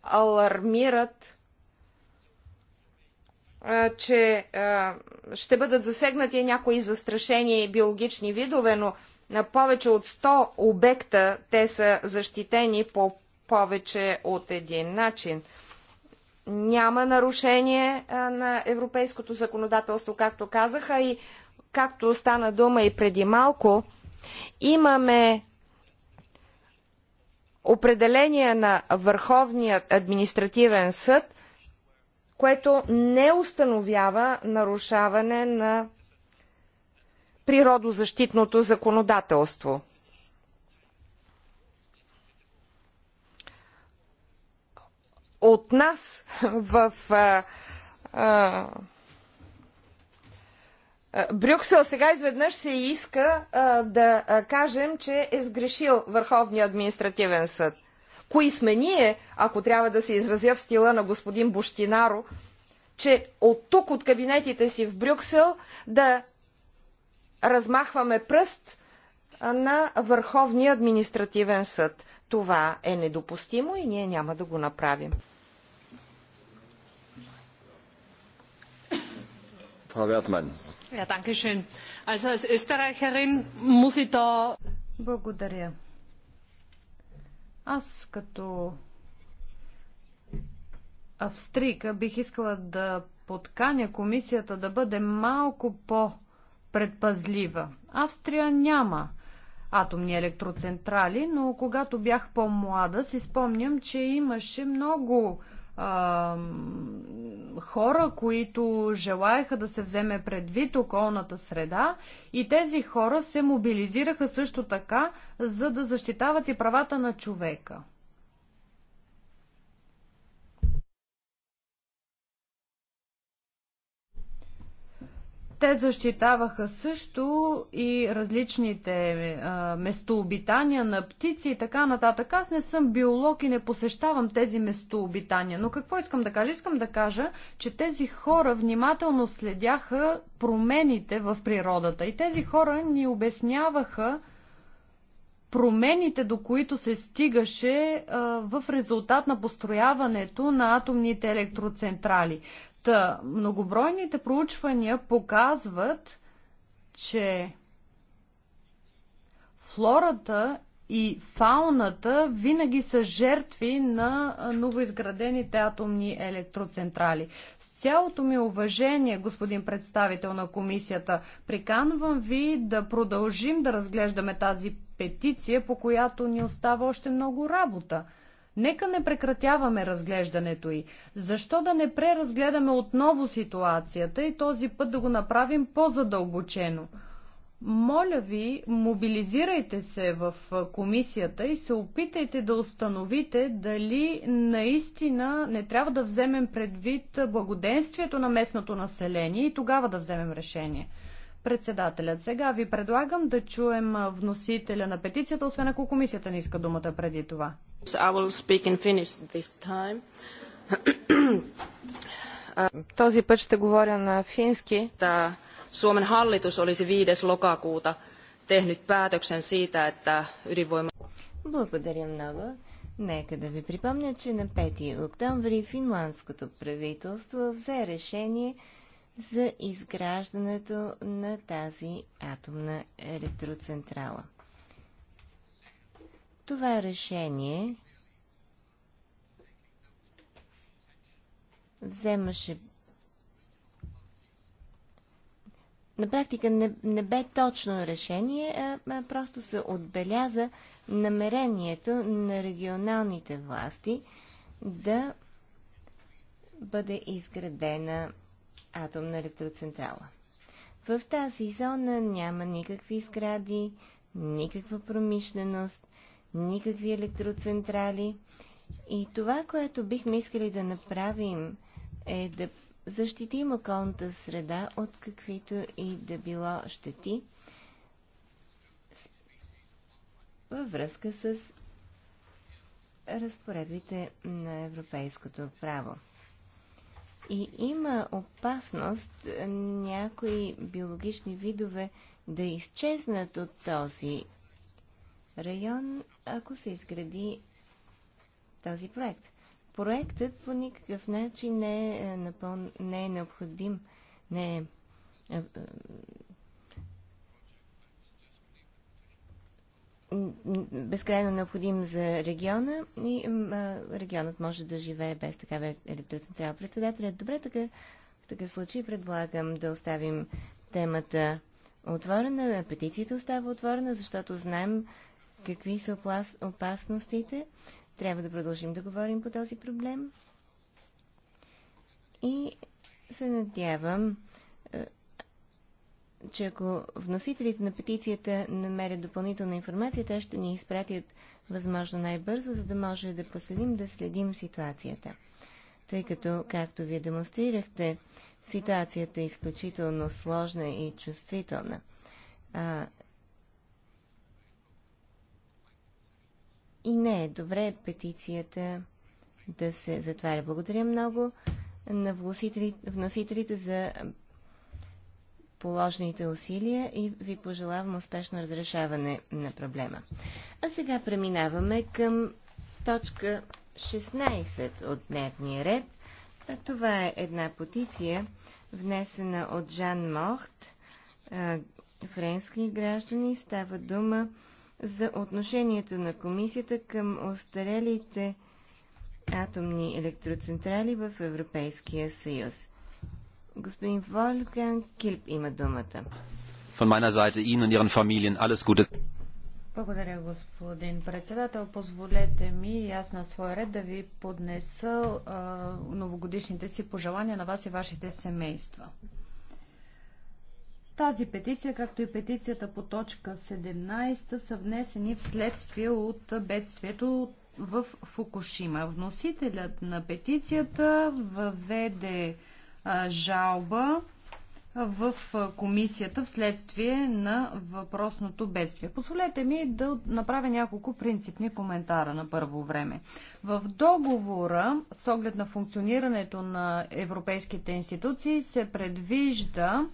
алармират, че ще бъдат засегнати някои застрашени биологични видове, но на повече от 100 обекта те са защитени по повече от един начин. Няма нарушение на европейското законодателство, както казаха и както стана дума и преди малко. Имаме определение на Върховния административен съд, което не установява нарушаване на природозащитното законодателство. От нас в а, а, Брюксел сега изведнъж се иска да кажем, че е сгрешил Върховния административен съд. Кои сме ние, ако трябва да се изразя в стила на господин Буштинаро, че от тук, от кабинетите си в Брюксел, да размахваме пръст на Върховния административен съд. Това е недопустимо и ние няма да го направим. Frau Wertmann, Ja, danke schön. Also als Österreicherin muss ich da... Благодаря. Аз като австрийка бих искала да подканя комисията да бъде малко по-предпазлива. Австрия няма атомни електроцентрали, но когато бях по-млада, си спомням, че имаше много а, хора, които желаяха да се вземе предвид околната среда и тези хора се мобилизираха също така, за да защитават и правата на човека. Те защитаваха също и различните а, местообитания на птици и така нататък. Аз не съм биолог и не посещавам тези местообитания, но какво искам да кажа? Искам да кажа, че тези хора внимателно следяха промените в природата и тези хора ни обясняваха промените, до които се стигаше а, в резултат на построяването на атомните електроцентрали. Та, многобройните проучвания показват, че флората и фауната винаги са жертви на новоизградените атомни електроцентрали. С цялото ми уважение, господин представител на комисията, приканвам ви да продължим да разглеждаме тази петиция, по която ни остава още много работа. Нека не прекратяваме разглеждането й. Защо да не преразгледаме отново ситуацията и този път да го направим по-задълбочено? Моля ви, мобилизирайте се в комисията и се опитайте да установите дали наистина не трябва да вземем предвид благоденствието на местното население и тогава да вземем решение. Председателят, сега ви предлагам да чуем вносителя на петицията, освен ако комисията не иска думата преди това. Този път ще говоря на фински. Suomen hallitus olisi 5. lokakuuta tehnyt päätöksen siitä, että ydinvoima... Благодаря много. Нека да ви припомня, че на 5 октомври финландското правителство взе решение за изграждането на тази атомна електроцентрала. Това решение вземаше на практика не, не бе точно решение, а, а просто се отбеляза намерението на регионалните власти да бъде изградена атомна електроцентрала. В тази зона няма никакви сгради, никаква промишленост, никакви електроцентрали. И това, което бихме искали да направим, е да защитим околната среда от каквито и да било щети във връзка с разпоредбите на европейското право. И има опасност някои биологични видове да изчезнат от този район, ако се изгради този проект. Проектът по никакъв начин не е, напъл... не е необходим, не е безкрайно необходим за региона и а, регионът може да живее без такава електроцентрала. председателя. добре, така, в такъв случай предлагам да оставим темата отворена, петицията остава отворена, защото знаем какви са опасностите. Трябва да продължим да говорим по този проблем. И се надявам че ако вносителите на петицията намерят допълнителна информация, те ще ни изпратят възможно най-бързо, за да може да проследим, да следим ситуацията. Тъй като, както вие демонстрирахте, ситуацията е изключително сложна и чувствителна. А, и не е добре петицията да се затваря. Благодаря много на вносителите за положените усилия и ви пожелавам успешно разрешаване на проблема. А сега преминаваме към точка 16 от дневния ред. Това е една потиция, внесена от Жан Мохт, френски граждани. Става дума за отношението на комисията към остарелите атомни електроцентрали в Европейския съюз. Господин Волган Килп има думата. Von meiner Seite Ihnen und Ihren Familien alles Gute. Благодаря, господин председател. Позволете ми и аз на своя ред да ви поднеса а, новогодишните си пожелания на вас и вашите семейства. Тази петиция, както и петицията по точка 17, са внесени вследствие от бедствието в Фукушима. Вносителят на петицията въведе жалба в комисията вследствие на въпросното бедствие. Позволете ми да направя няколко принципни коментара на първо време. В договора, с оглед на функционирането на европейските институции, се предвижда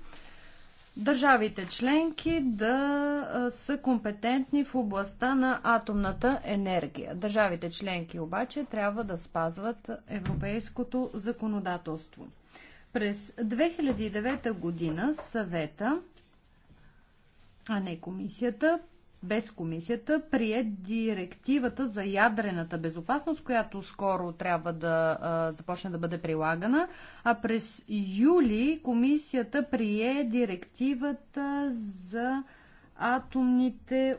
държавите членки да са компетентни в областта на атомната енергия. Държавите членки обаче трябва да спазват европейското законодателство. През 2009 година съвета, а не комисията, без комисията, прие директивата за ядрената безопасност, която скоро трябва да а, започне да бъде прилагана. А през юли комисията прие директивата за атомните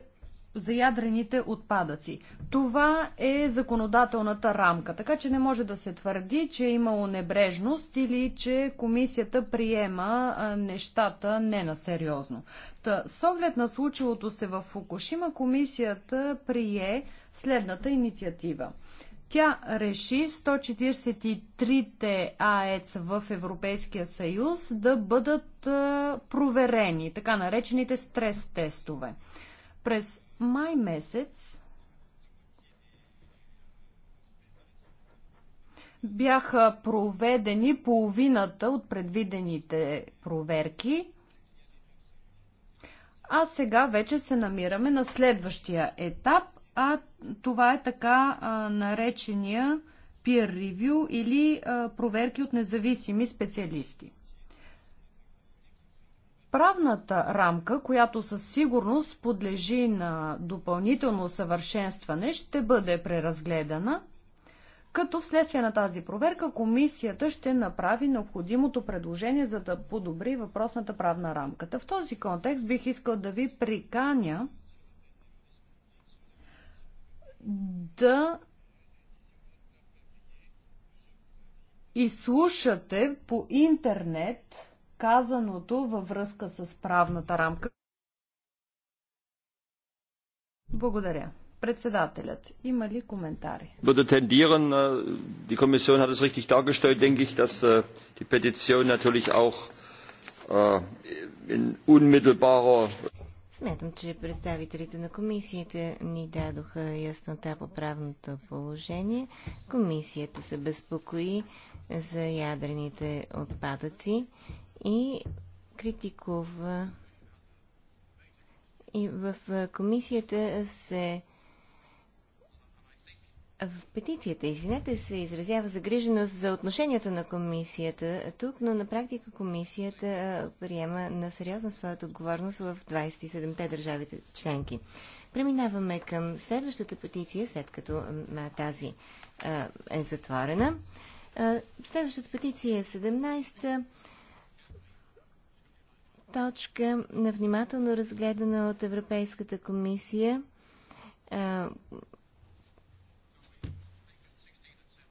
за ядрените отпадъци. Това е законодателната рамка, така че не може да се твърди, че е имало небрежност или че комисията приема нещата не на сериозно. Та, с оглед на случилото се в Фукушима, комисията прие следната инициатива. Тя реши 143-те АЕЦ в Европейския съюз да бъдат проверени, така наречените стрес тестове. През май месец бяха проведени половината от предвидените проверки, а сега вече се намираме на следващия етап, а това е така а, наречения peer review или а, проверки от независими специалисти правната рамка, която със сигурност подлежи на допълнително съвършенстване, ще бъде преразгледана, като вследствие на тази проверка комисията ще направи необходимото предложение, за да подобри въпросната правна рамката. В този контекст бих искал да ви приканя да изслушате по интернет казаното във връзка с правната рамка. Благодаря. Председателят, има ли коментари? Würde tendieren, äh, die Kommission hat es richtig dargestellt, denke ich, dass äh, die Petition natürlich auch äh, in unmittelbarer Смятам, че представителите на комисията ни дадоха яснота по правното положение. Комисията се безпокои за ядрените отпадъци и критикува. И в комисията се в петицията, извинете, се изразява загриженост за отношението на комисията тук, но на практика комисията приема на сериозна своята отговорност в 27-те държавите членки. Преминаваме към следващата петиция, след като тази е затворена. следващата петиция е 17-та точка, внимателно разгледана от Европейската комисия,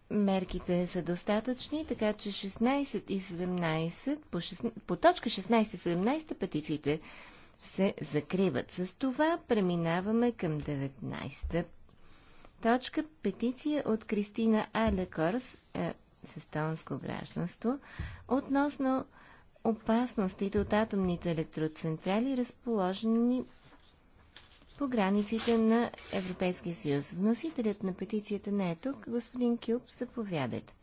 мерките са достатъчни, така че 16 и 17, по, по точка 16 и 17 петициите се закриват. С това преминаваме към 19 точка. Петиция от Кристина Алекорс е, с тонско гражданство относно опасностите от атомните електроцентрали, разположени по границите на Европейския съюз. Вносителят на петицията не е тук. Господин Кюб, заповядайте.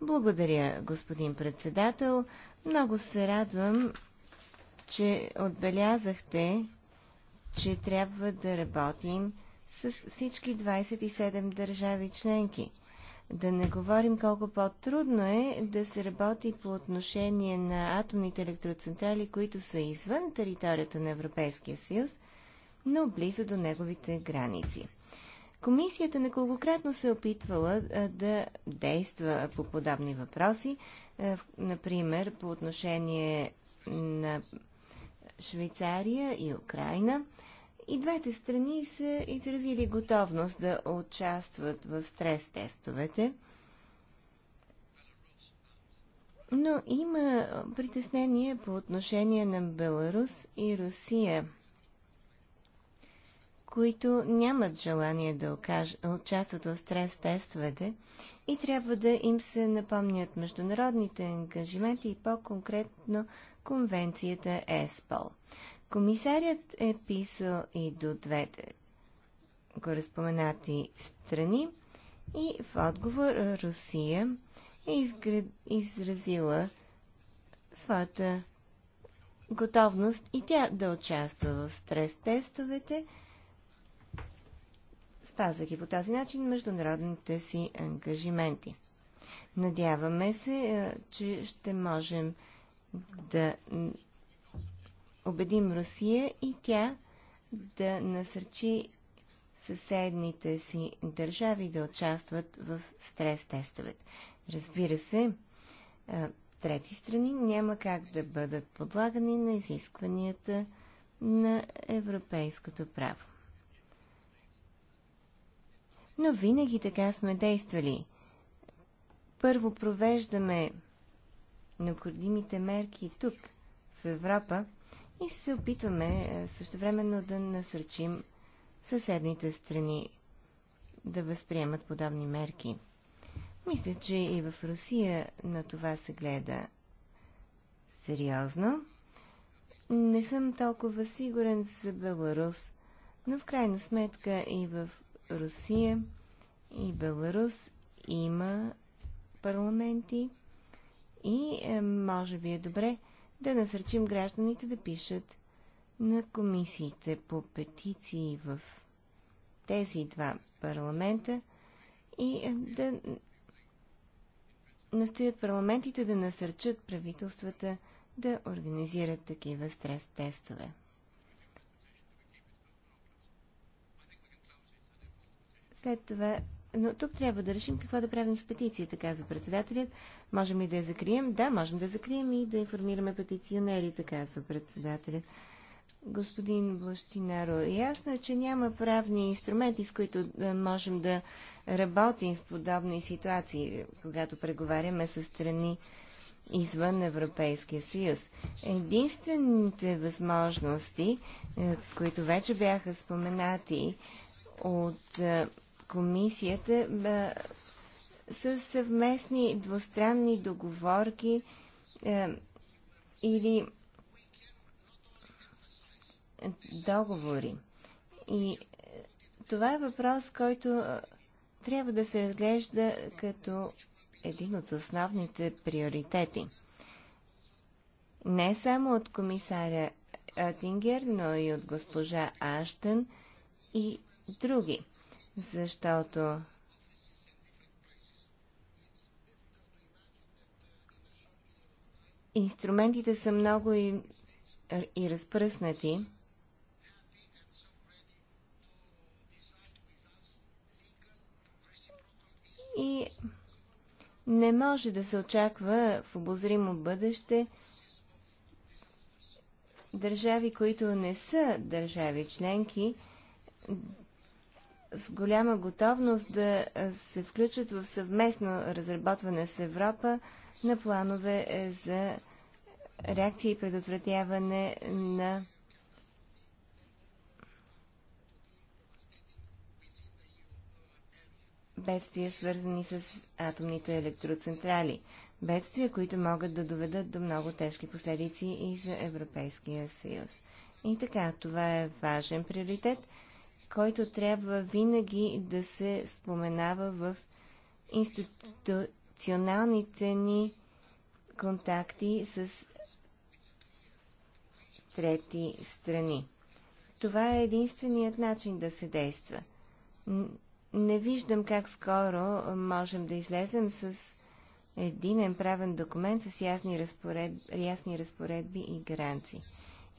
Благодаря, господин председател. Много се радвам, че отбелязахте, че трябва да работим с всички 27 държави членки. Да не говорим колко по-трудно е да се работи по отношение на атомните електроцентрали, които са извън територията на Европейския съюз, но близо до неговите граници. Комисията неколкократно се е опитвала да действа по подобни въпроси, например по отношение на Швейцария и Украина – и двете страни са изразили готовност да участват в стрес-тестовете. Но има притеснение по отношение на Беларус и Русия, които нямат желание да участват в стрес-тестовете и трябва да им се напомнят международните ангажименти и по-конкретно конвенцията ЕСПОЛ. Комисарят е писал и до двете гореспоменати страни и в отговор Русия е изград... изразила своята готовност и тя да участва в стрес-тестовете, спазвайки по този начин международните си ангажименти. Надяваме се, е, че ще можем да убедим Русия и тя да насърчи съседните си държави да участват в стрес-тестовете. Разбира се, трети страни няма как да бъдат подлагани на изискванията на европейското право. Но винаги така сме действали. Първо провеждаме необходимите мерки тук, в Европа – и се опитваме е, също времено да насърчим съседните страни да възприемат подобни мерки. Мисля, че и в Русия на това се гледа сериозно. Не съм толкова сигурен за Беларус, но в крайна сметка и в Русия, и Беларус има парламенти и е, може би е добре да насърчим гражданите да пишат на комисиите по петиции в тези два парламента и е, да настоят парламентите да насърчат правителствата да организират такива стрес-тестове. След това но тук трябва да решим какво да правим с петицията, казва председателят. Можем и да я закрием? Да, можем да закрием и да информираме петиционерите, казва председателят. Господин Блащинаро, ясно е, че няма правни инструменти, с които да можем да работим в подобни ситуации, когато преговаряме с страни извън Европейския съюз. Единствените възможности, е, които вече бяха споменати от е, комисията с съвместни двустранни договорки или договори. И това е въпрос, който трябва да се разглежда като един от основните приоритети. Не само от комисаря Оттингер, но и от госпожа Аштън и други защото инструментите са много и, и разпръснати. И не може да се очаква в обозримо бъдеще държави, които не са държави членки, с голяма готовност да се включат в съвместно разработване с Европа на планове е, за реакция и предотвратяване на бедствия, свързани с атомните електроцентрали. Бедствия, които могат да доведат до много тежки последици и за Европейския съюз. И така, това е важен приоритет – който трябва винаги да се споменава в институционалните ни контакти с трети страни. Това е единственият начин да се действа. Не виждам как скоро можем да излезем с единен правен документ с ясни, разпоред... ясни разпоредби и гаранции.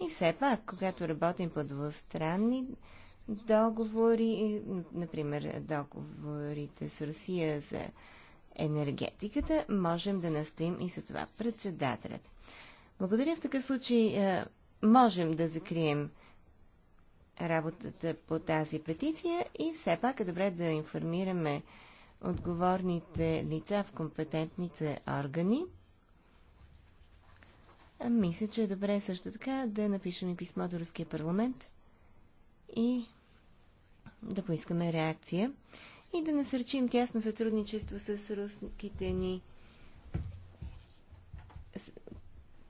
И все пак, когато работим по двустранни договори, например договорите с Русия за енергетиката, можем да настоим и за това председателят. Благодаря в такъв случай. Е, можем да закрием работата по тази петиция и все пак е добре да информираме отговорните лица в компетентните органи. мисля, че е добре също така да напишем и писмо до Руския парламент и да поискаме реакция и да насърчим тясно сътрудничество с руските ни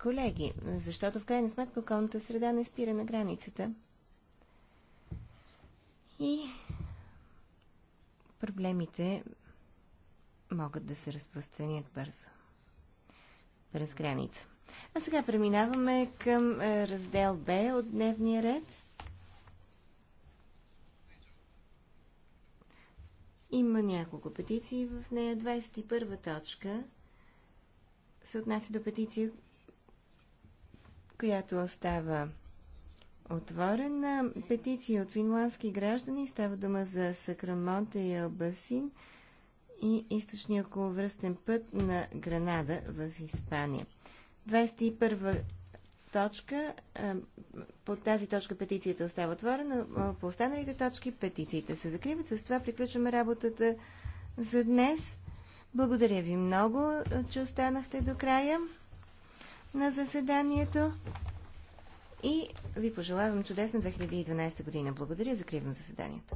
колеги, защото в крайна сметка околната среда не спира на границата. И проблемите могат да се разпространят бързо. През граница. А сега преминаваме към е, раздел Б от дневния ред – Има няколко петиции в нея. 21 точка се отнася до петиция, която остава отворена. Петиция от финландски граждани става дума за Сакрамонте и Албасин и източния околовръстен път на Гранада в Испания. 21 точка, е, по тази точка петицията остава отворена, по останалите точки петициите се закриват. С това приключваме работата за днес. Благодаря ви много, че останахте до края на заседанието и ви пожелавам чудесна 2012 година. Благодаря, закривам заседанието.